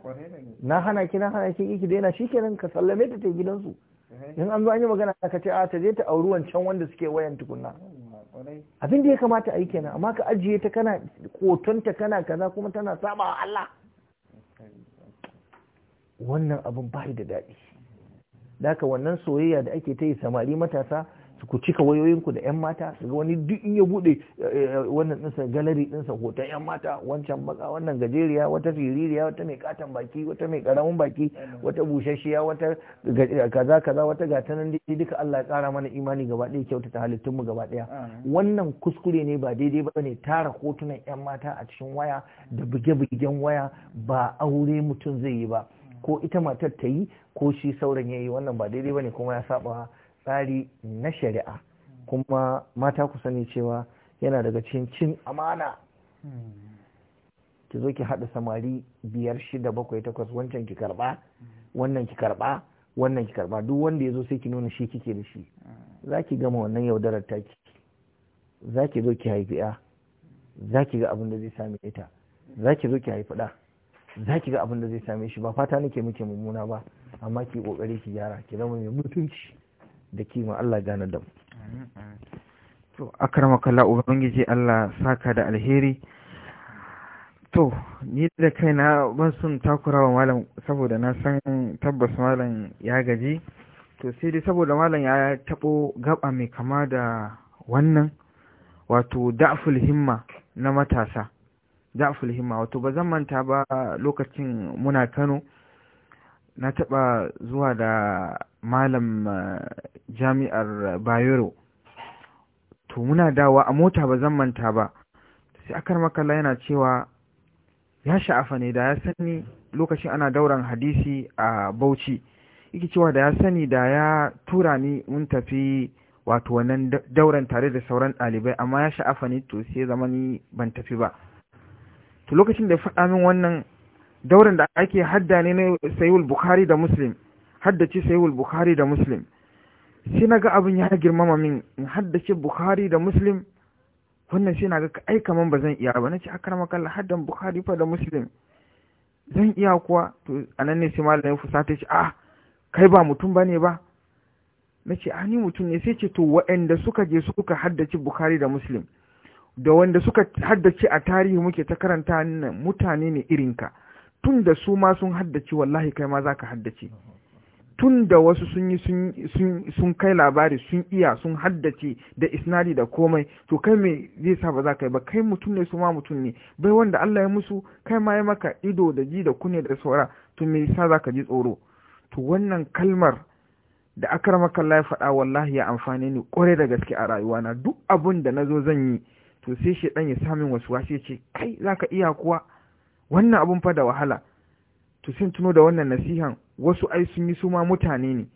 na hana ki na hana ki ki daina shikenan ka sallame ta ta gidansu in an zo an yi magana ka ce a ta je ta auri wancan wanda suke wayan tukunna abin da ya kamata a yi kenan amma ka ajiye ta kana kotonta kana kaza kuma tana saba wa Allah wannan abin bai da daɗi daka wannan soyayya da ake ta yi samari matasa ku cika wayoyinku da 'yan mata daga wani duk in ya bude eh, eh, wannan ɗinsa galeri ɗinsa hoton 'yan mata wancan baka wannan gajeriya wata fiririya wata mai katon baki wata mai karamin baki wata busasshiya wata eh, kaza kaza wata gata nan duka Allah ya kara mana imani gaba ɗaya kyauta ta halittun mu gaba ɗaya wannan kuskure ne ba daidai ba ne tara hotunan 'yan mata a cikin waya da buge-bugen waya ba aure mutum zai yi ba ko ita matar ta yi ko shi sauran ya yi wannan ba daidai ba ne kuma ya saba tsari na shari'a kuma mata ku sani cewa yana daga cin cin amana ki zo ki haɗa samari biyar shida bakwai takwas wancan ki karba wannan ki karba wannan ki karba duk wanda ya zo sai ki nuna shi kike da shi za ki gama wannan yaudarar taki za ki zo ki haifi ya za ki ga abin da zai same ita za ki zo ki haifi ɗa za ki ga abin da zai same shi ba fata nake muke mummuna ba amma ki ƙoƙari ki gyara ki zama mai mutunci da kima Allah gane da mu to akramakalla ubangiji Allah saka da alheri to ni da kaina ban sun takura wa malam saboda na san tabbas malam ya gaji to sai dai saboda malam ya taɓo gaba mai kama da wannan wato da'ful himma na matasa da'ful himma wato ba manta ba lokacin muna Kano na taɓa zuwa da malam eh, jami'ar eh, bayero to muna dawa a mota ba zan manta ba sai akar makalla yana cewa ya sha'afa ne da ya sani lokacin ana dauran hadisi a bauchi yake cewa da ya sani da ya tura ni mun tafi wato wannan dauran tare da sauran ɗalibai amma ya sha'afa ni to sai zama ban tafi ba to lokacin da ya faɗa min wannan dauran da ake hadda ne na sayul bukhari da muslim haddace sahihul bukhari da muslim sai naga abin ya girmama min in haddace bukhari da muslim wannan sai naga ai kaman ba zan iya ba nace akar makalla haddan bukhari fa da muslim zan iya kuwa to anan ne sai malamin fusata ce ah kai ba mutum bane ba nace ah ni mutum ne sai ce to waɗanda suka je suka haddace bukhari da muslim da wanda suka haddace a tarihi muke ta karanta mutane ne irinka tun da su ma sun haddace wallahi kai ma zaka haddace tun da wasu sun yi sun kai labari sun iya sun haddace da isnadi da komai to kai me zai sa ba za ka yi ba kai mutum ne su ma mutum ne bai wanda Allah ya musu kai ma ya maka ido da ji da kunne da saura to me yasa za ka ji tsoro to wannan kalmar da akramaka Allah ya faɗa wallahi ya amfane ni ƙware da gaske a rayuwana duk abin da na zo zan yi to sai shi ɗan ya samin wasu wasu ya ce kai za ka iya kuwa wannan abun fa da wahala to sun tuno da wannan nasihan wasu ai sun yi suma mutane ne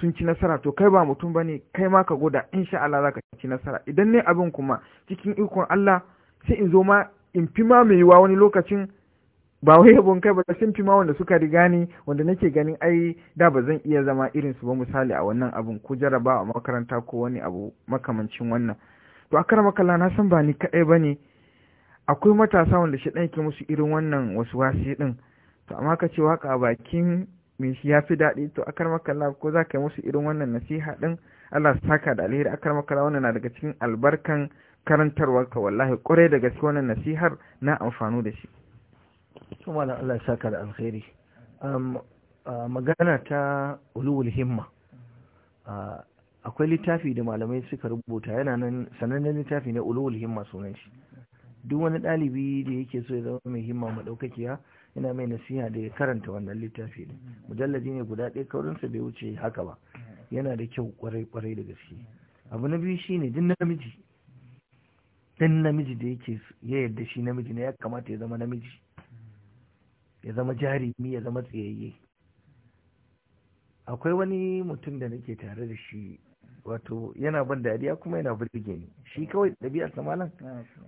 sun ci nasara to kai ba mutum ba ne kai ma ka goda sha Allah za ka ci nasara idan ne abin kuma cikin ikon Allah sai in zo ma in fi ma mai yiwa wani lokacin ba wai yabon kai ba sun fi ma wanda suka riga ni wanda nake ganin ai da ba zan iya zama irin su ba misali a wannan abun ko jaraba a makaranta ko wani abu makamancin wannan to a karama kalla na san ba ni kaɗai ba ne akwai matasa wanda shi ɗan ke musu irin wannan wasu wasi ɗin to amma ka ce waka a bakin me shi ya fi daɗi to akar makalla ko za ka yi musu irin wannan nasiha ɗin Allah su saka da alheri akar makalla wannan na daga cikin albarkan karantarwarka wallahi ƙwarai da gaske wannan nasihar na amfanu da shi. to malam Allah ya saka da alheri magana ta ulul himma akwai littafi da malamai suka rubuta yana nan sanannen littafi ne ulul himma sunan shi duk wani ɗalibi da yake so ya zama mai himma maɗaukakiya ina mai nasiha da ya karanta wannan littafi ne mujallaji ne guda ɗaya kaurinsa bai wuce haka ba yana da kyau kwarai kwarai da gaske abu na biyu shine duk namiji dan namiji da yake ya yarda shi namiji ne ya kamata ya zama namiji ya zama jarumi ya zama tsayayye akwai wani mutum da nake tare da shi wato yana ban dariya kuma yana burge ni shi kawai ɗabi'ar malam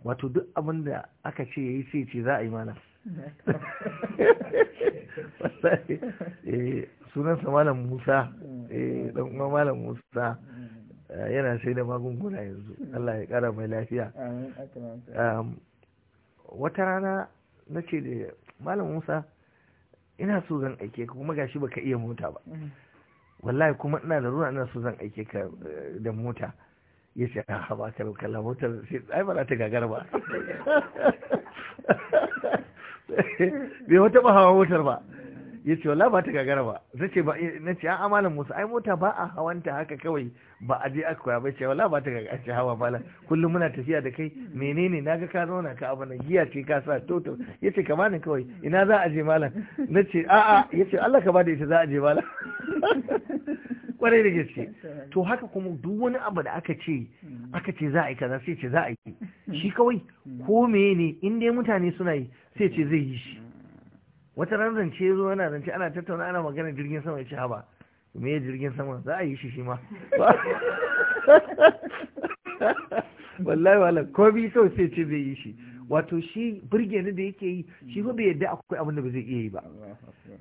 wato duk abin da aka ce yayi sai ce za a yi malam Eh, sunan sa malam musa eh, dan kuma malam musa yana sai da magunguna yanzu allah ya kara mai lafiya wata rana na ce da malam musa ina so zan aike ka kuma gashi baka iya mota ba mm. wallahi kuma ina da ruwa ina so zan aike ka eh, da mota ya ce ha ba ka motar sai ai ba za ta gagara ba <laughs> <laughs> bai wata ba hawa motar ba ya ce wala ba ta gagara ba ce na ce ya amalin musu ai mota ba a hawanta haka kawai ba a je aka koya ba ce wala ba ta gagara ce hawa bala kullum muna tafiya da kai menene na ga ka zauna ka abu na giya ce ka sa toto ya ce kama ne kawai ina za a je malam na ce a a ya ce Allah ka bada ita za a je malam <laughs> kwarai da gaske to haka kuma duk wani abu da aka ce aka ce za a yi kaza sai ce za a yi shi kawai ko meye ne in dai mutane suna yi sai ce zai yi shi wata ran zance zo yana zance ana tattauna ana magana jirgin sama ya ce haba me ya jirgin sama za a yi shi shi ma wallahi wala ko bi so sai ce zai yi shi wato shi burge ni da yake yi shi ko bai yadda akwai abin da ba zai iya yi ba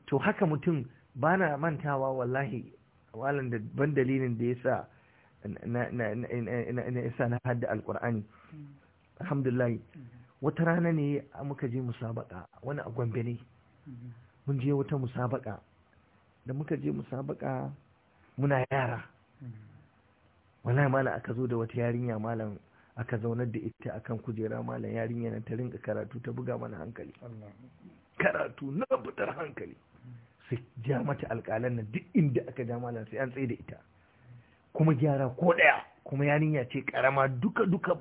to haka mutum ba na mantawa wallahi walan da ban dalilin da yasa na na na na hadda alkur'ani alhamdulillah wata rana ne muka je musabaka wani a gombe ne mun je wata musabaka da muka je musabaka muna yara wallahi malam aka zo da wata yarinya malam aka zaunar da ita akan kujera malam yarinya na ta rinka karatu ta buga mana hankali karatu na fitar hankali sai ja mata alƙalan nan duk inda aka ja malam sai an tsaye da ita kuma gyara ko ɗaya kuma yarinya ce karama duka duka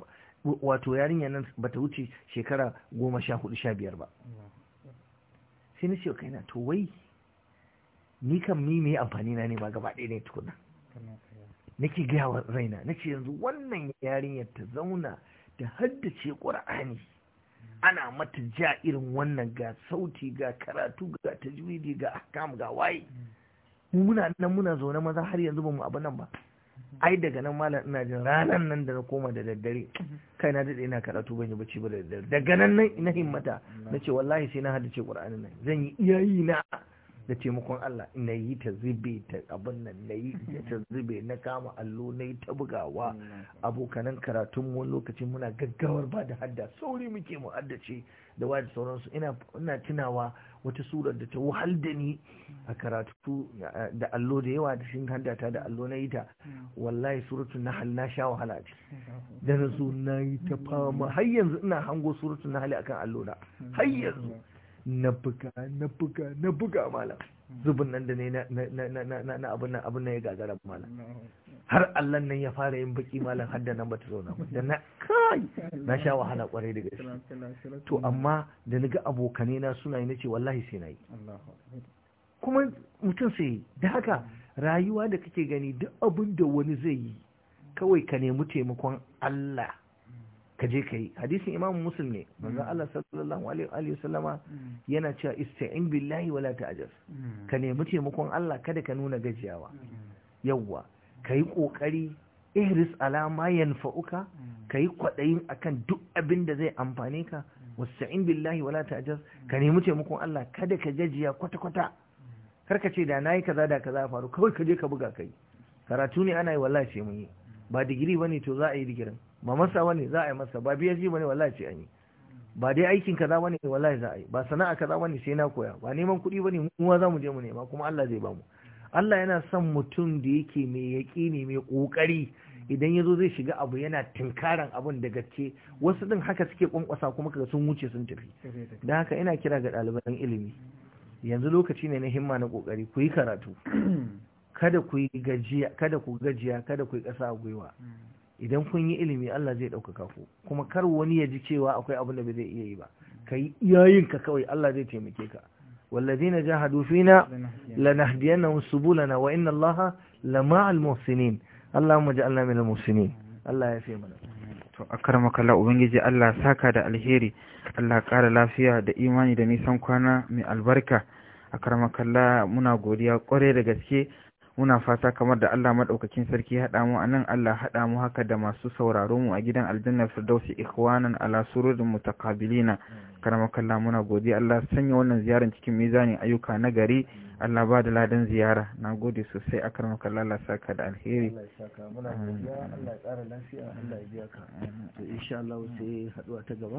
wato yarinya nan ba ta wuce shekara goma sha hudu sha biyar ba sai na ce kaina to wai ni kan mi mai amfani na ne ba gaba ɗaya ne tukuna nake gaya wa raina nake yanzu wannan yarinyar ta zauna da haddace ƙur'ani ana mata ja irin wannan ga sauti ga karatu ga tajwidi ga ahkam ga waye mu muna nan muna zaune maza har yanzu ba mu abu nan ba ai daga nan malam ina jin ranar nan da na koma da daddare mhm. kai na daɗe ina karatu ban yi bacci ba da daddare daga nan nan ina himmata na ce wallahi sai na haddace qur'anin nan zan yi iyayi na da taimakon Allah na yi ta zube ta abin nan na yi ta zube na kama allo na yi ta bugawa abokanan karatun mu lokacin muna gaggawar ba da hadda sauri muke mu haddace da wayar sauransu ina tunawa wata surar da ta wahal da ni a karatu da allo da yawa da shin ta da allo na yi ta wallahi suratun nahal na sha wahala ce da na zo na yi ta fama har yanzu ina hango suratun nahal akan allo na har yanzu na buga na buga na buga malam zubin nan da ne na abin nan ya gagara malam har Allah nan ya fara yin baki malam har da nan bata zauna ba da na kai na sha wahala kwarai da gaske to amma da naga abokanai na suna yi nace wallahi sai nayi kuma mutum sai da haka rayuwa da kake gani duk abin da wani zai yi kawai ka nemi taimakon Allah ka je ka yi hadisin imamu muslim ne hmm. manzon Allah sallallahu alaihi wa sallama hmm. yana cewa ista'in billahi wala ta'jaz hmm. ka nemi taimakon Allah kada ka nuna gajiyawa yawwa ka yi ƙoƙari iris alama yanfa'uka ka yi kwaɗayin akan duk abin da zai amfane ka wasta'in billahi wala ta'jaz ka nemi taimakon Allah kada ka gajiya kwata-kwata kar ka ce da nayi kaza da kaza faru kawai ka je ka buga kai karatu ne ana yi wallahi ce mun yi ba digiri bane to za a yi digirin ba masa bane za a yi masa ba ji bane wallahi ce an yi ba dai aikin kaza bane wallahi za a yi ba sana'a kaza bane sai na koya ba neman kuɗi bane mu ma za mu je mu nema kuma Allah zai ba mu Allah yana son mutum da yake mai yaƙi ne mai ƙoƙari idan ya zo zai shiga abu yana tinkaran abun da gaske wasu din haka suke kwankwasa kuma kaga sun wuce sun tafi don haka ina kira ga ɗaliban ilimi yanzu lokaci ne na himma na ƙoƙari ku yi karatu <coughs> kada ku yi gajiya kada ku gajiya kada ku yi ƙasa a gwiwa idan kun yi ilimi Allah zai ɗaukaka ku kuma kar wani ya ji cewa akwai abin da ba zai iya yi ba ka yi ka kawai Allah zai taimake ka والذين جاهدوا فينا لنهدينهم سبلنا وإن الله لمع المحسنين اللهم اجعلنا من المحسنين الله يفي to akramaka Allah ubangiji Allah saka da alheri Allah kara lafiya da imani da nisan kwana mai albarka akramaka Allah muna godiya kware da gaske muna fata kamar da Allah madaukakin sarki haɗa mu anan Allah haɗa mu haka da masu sauraro mu a gidan aljannar firdausi ikhwanan ala sururin mutaqabilina karamakallah muna godi Allah sanya wannan ziyarar cikin mizanin ayyuka na gari Allah ba da ladan ziyara na gode sosai a karmar Allah saka da alheri Allah ya saka muna godiya Allah ya kara lafiya Allah ya biya ka to insha Allah sai haduwa ta gaba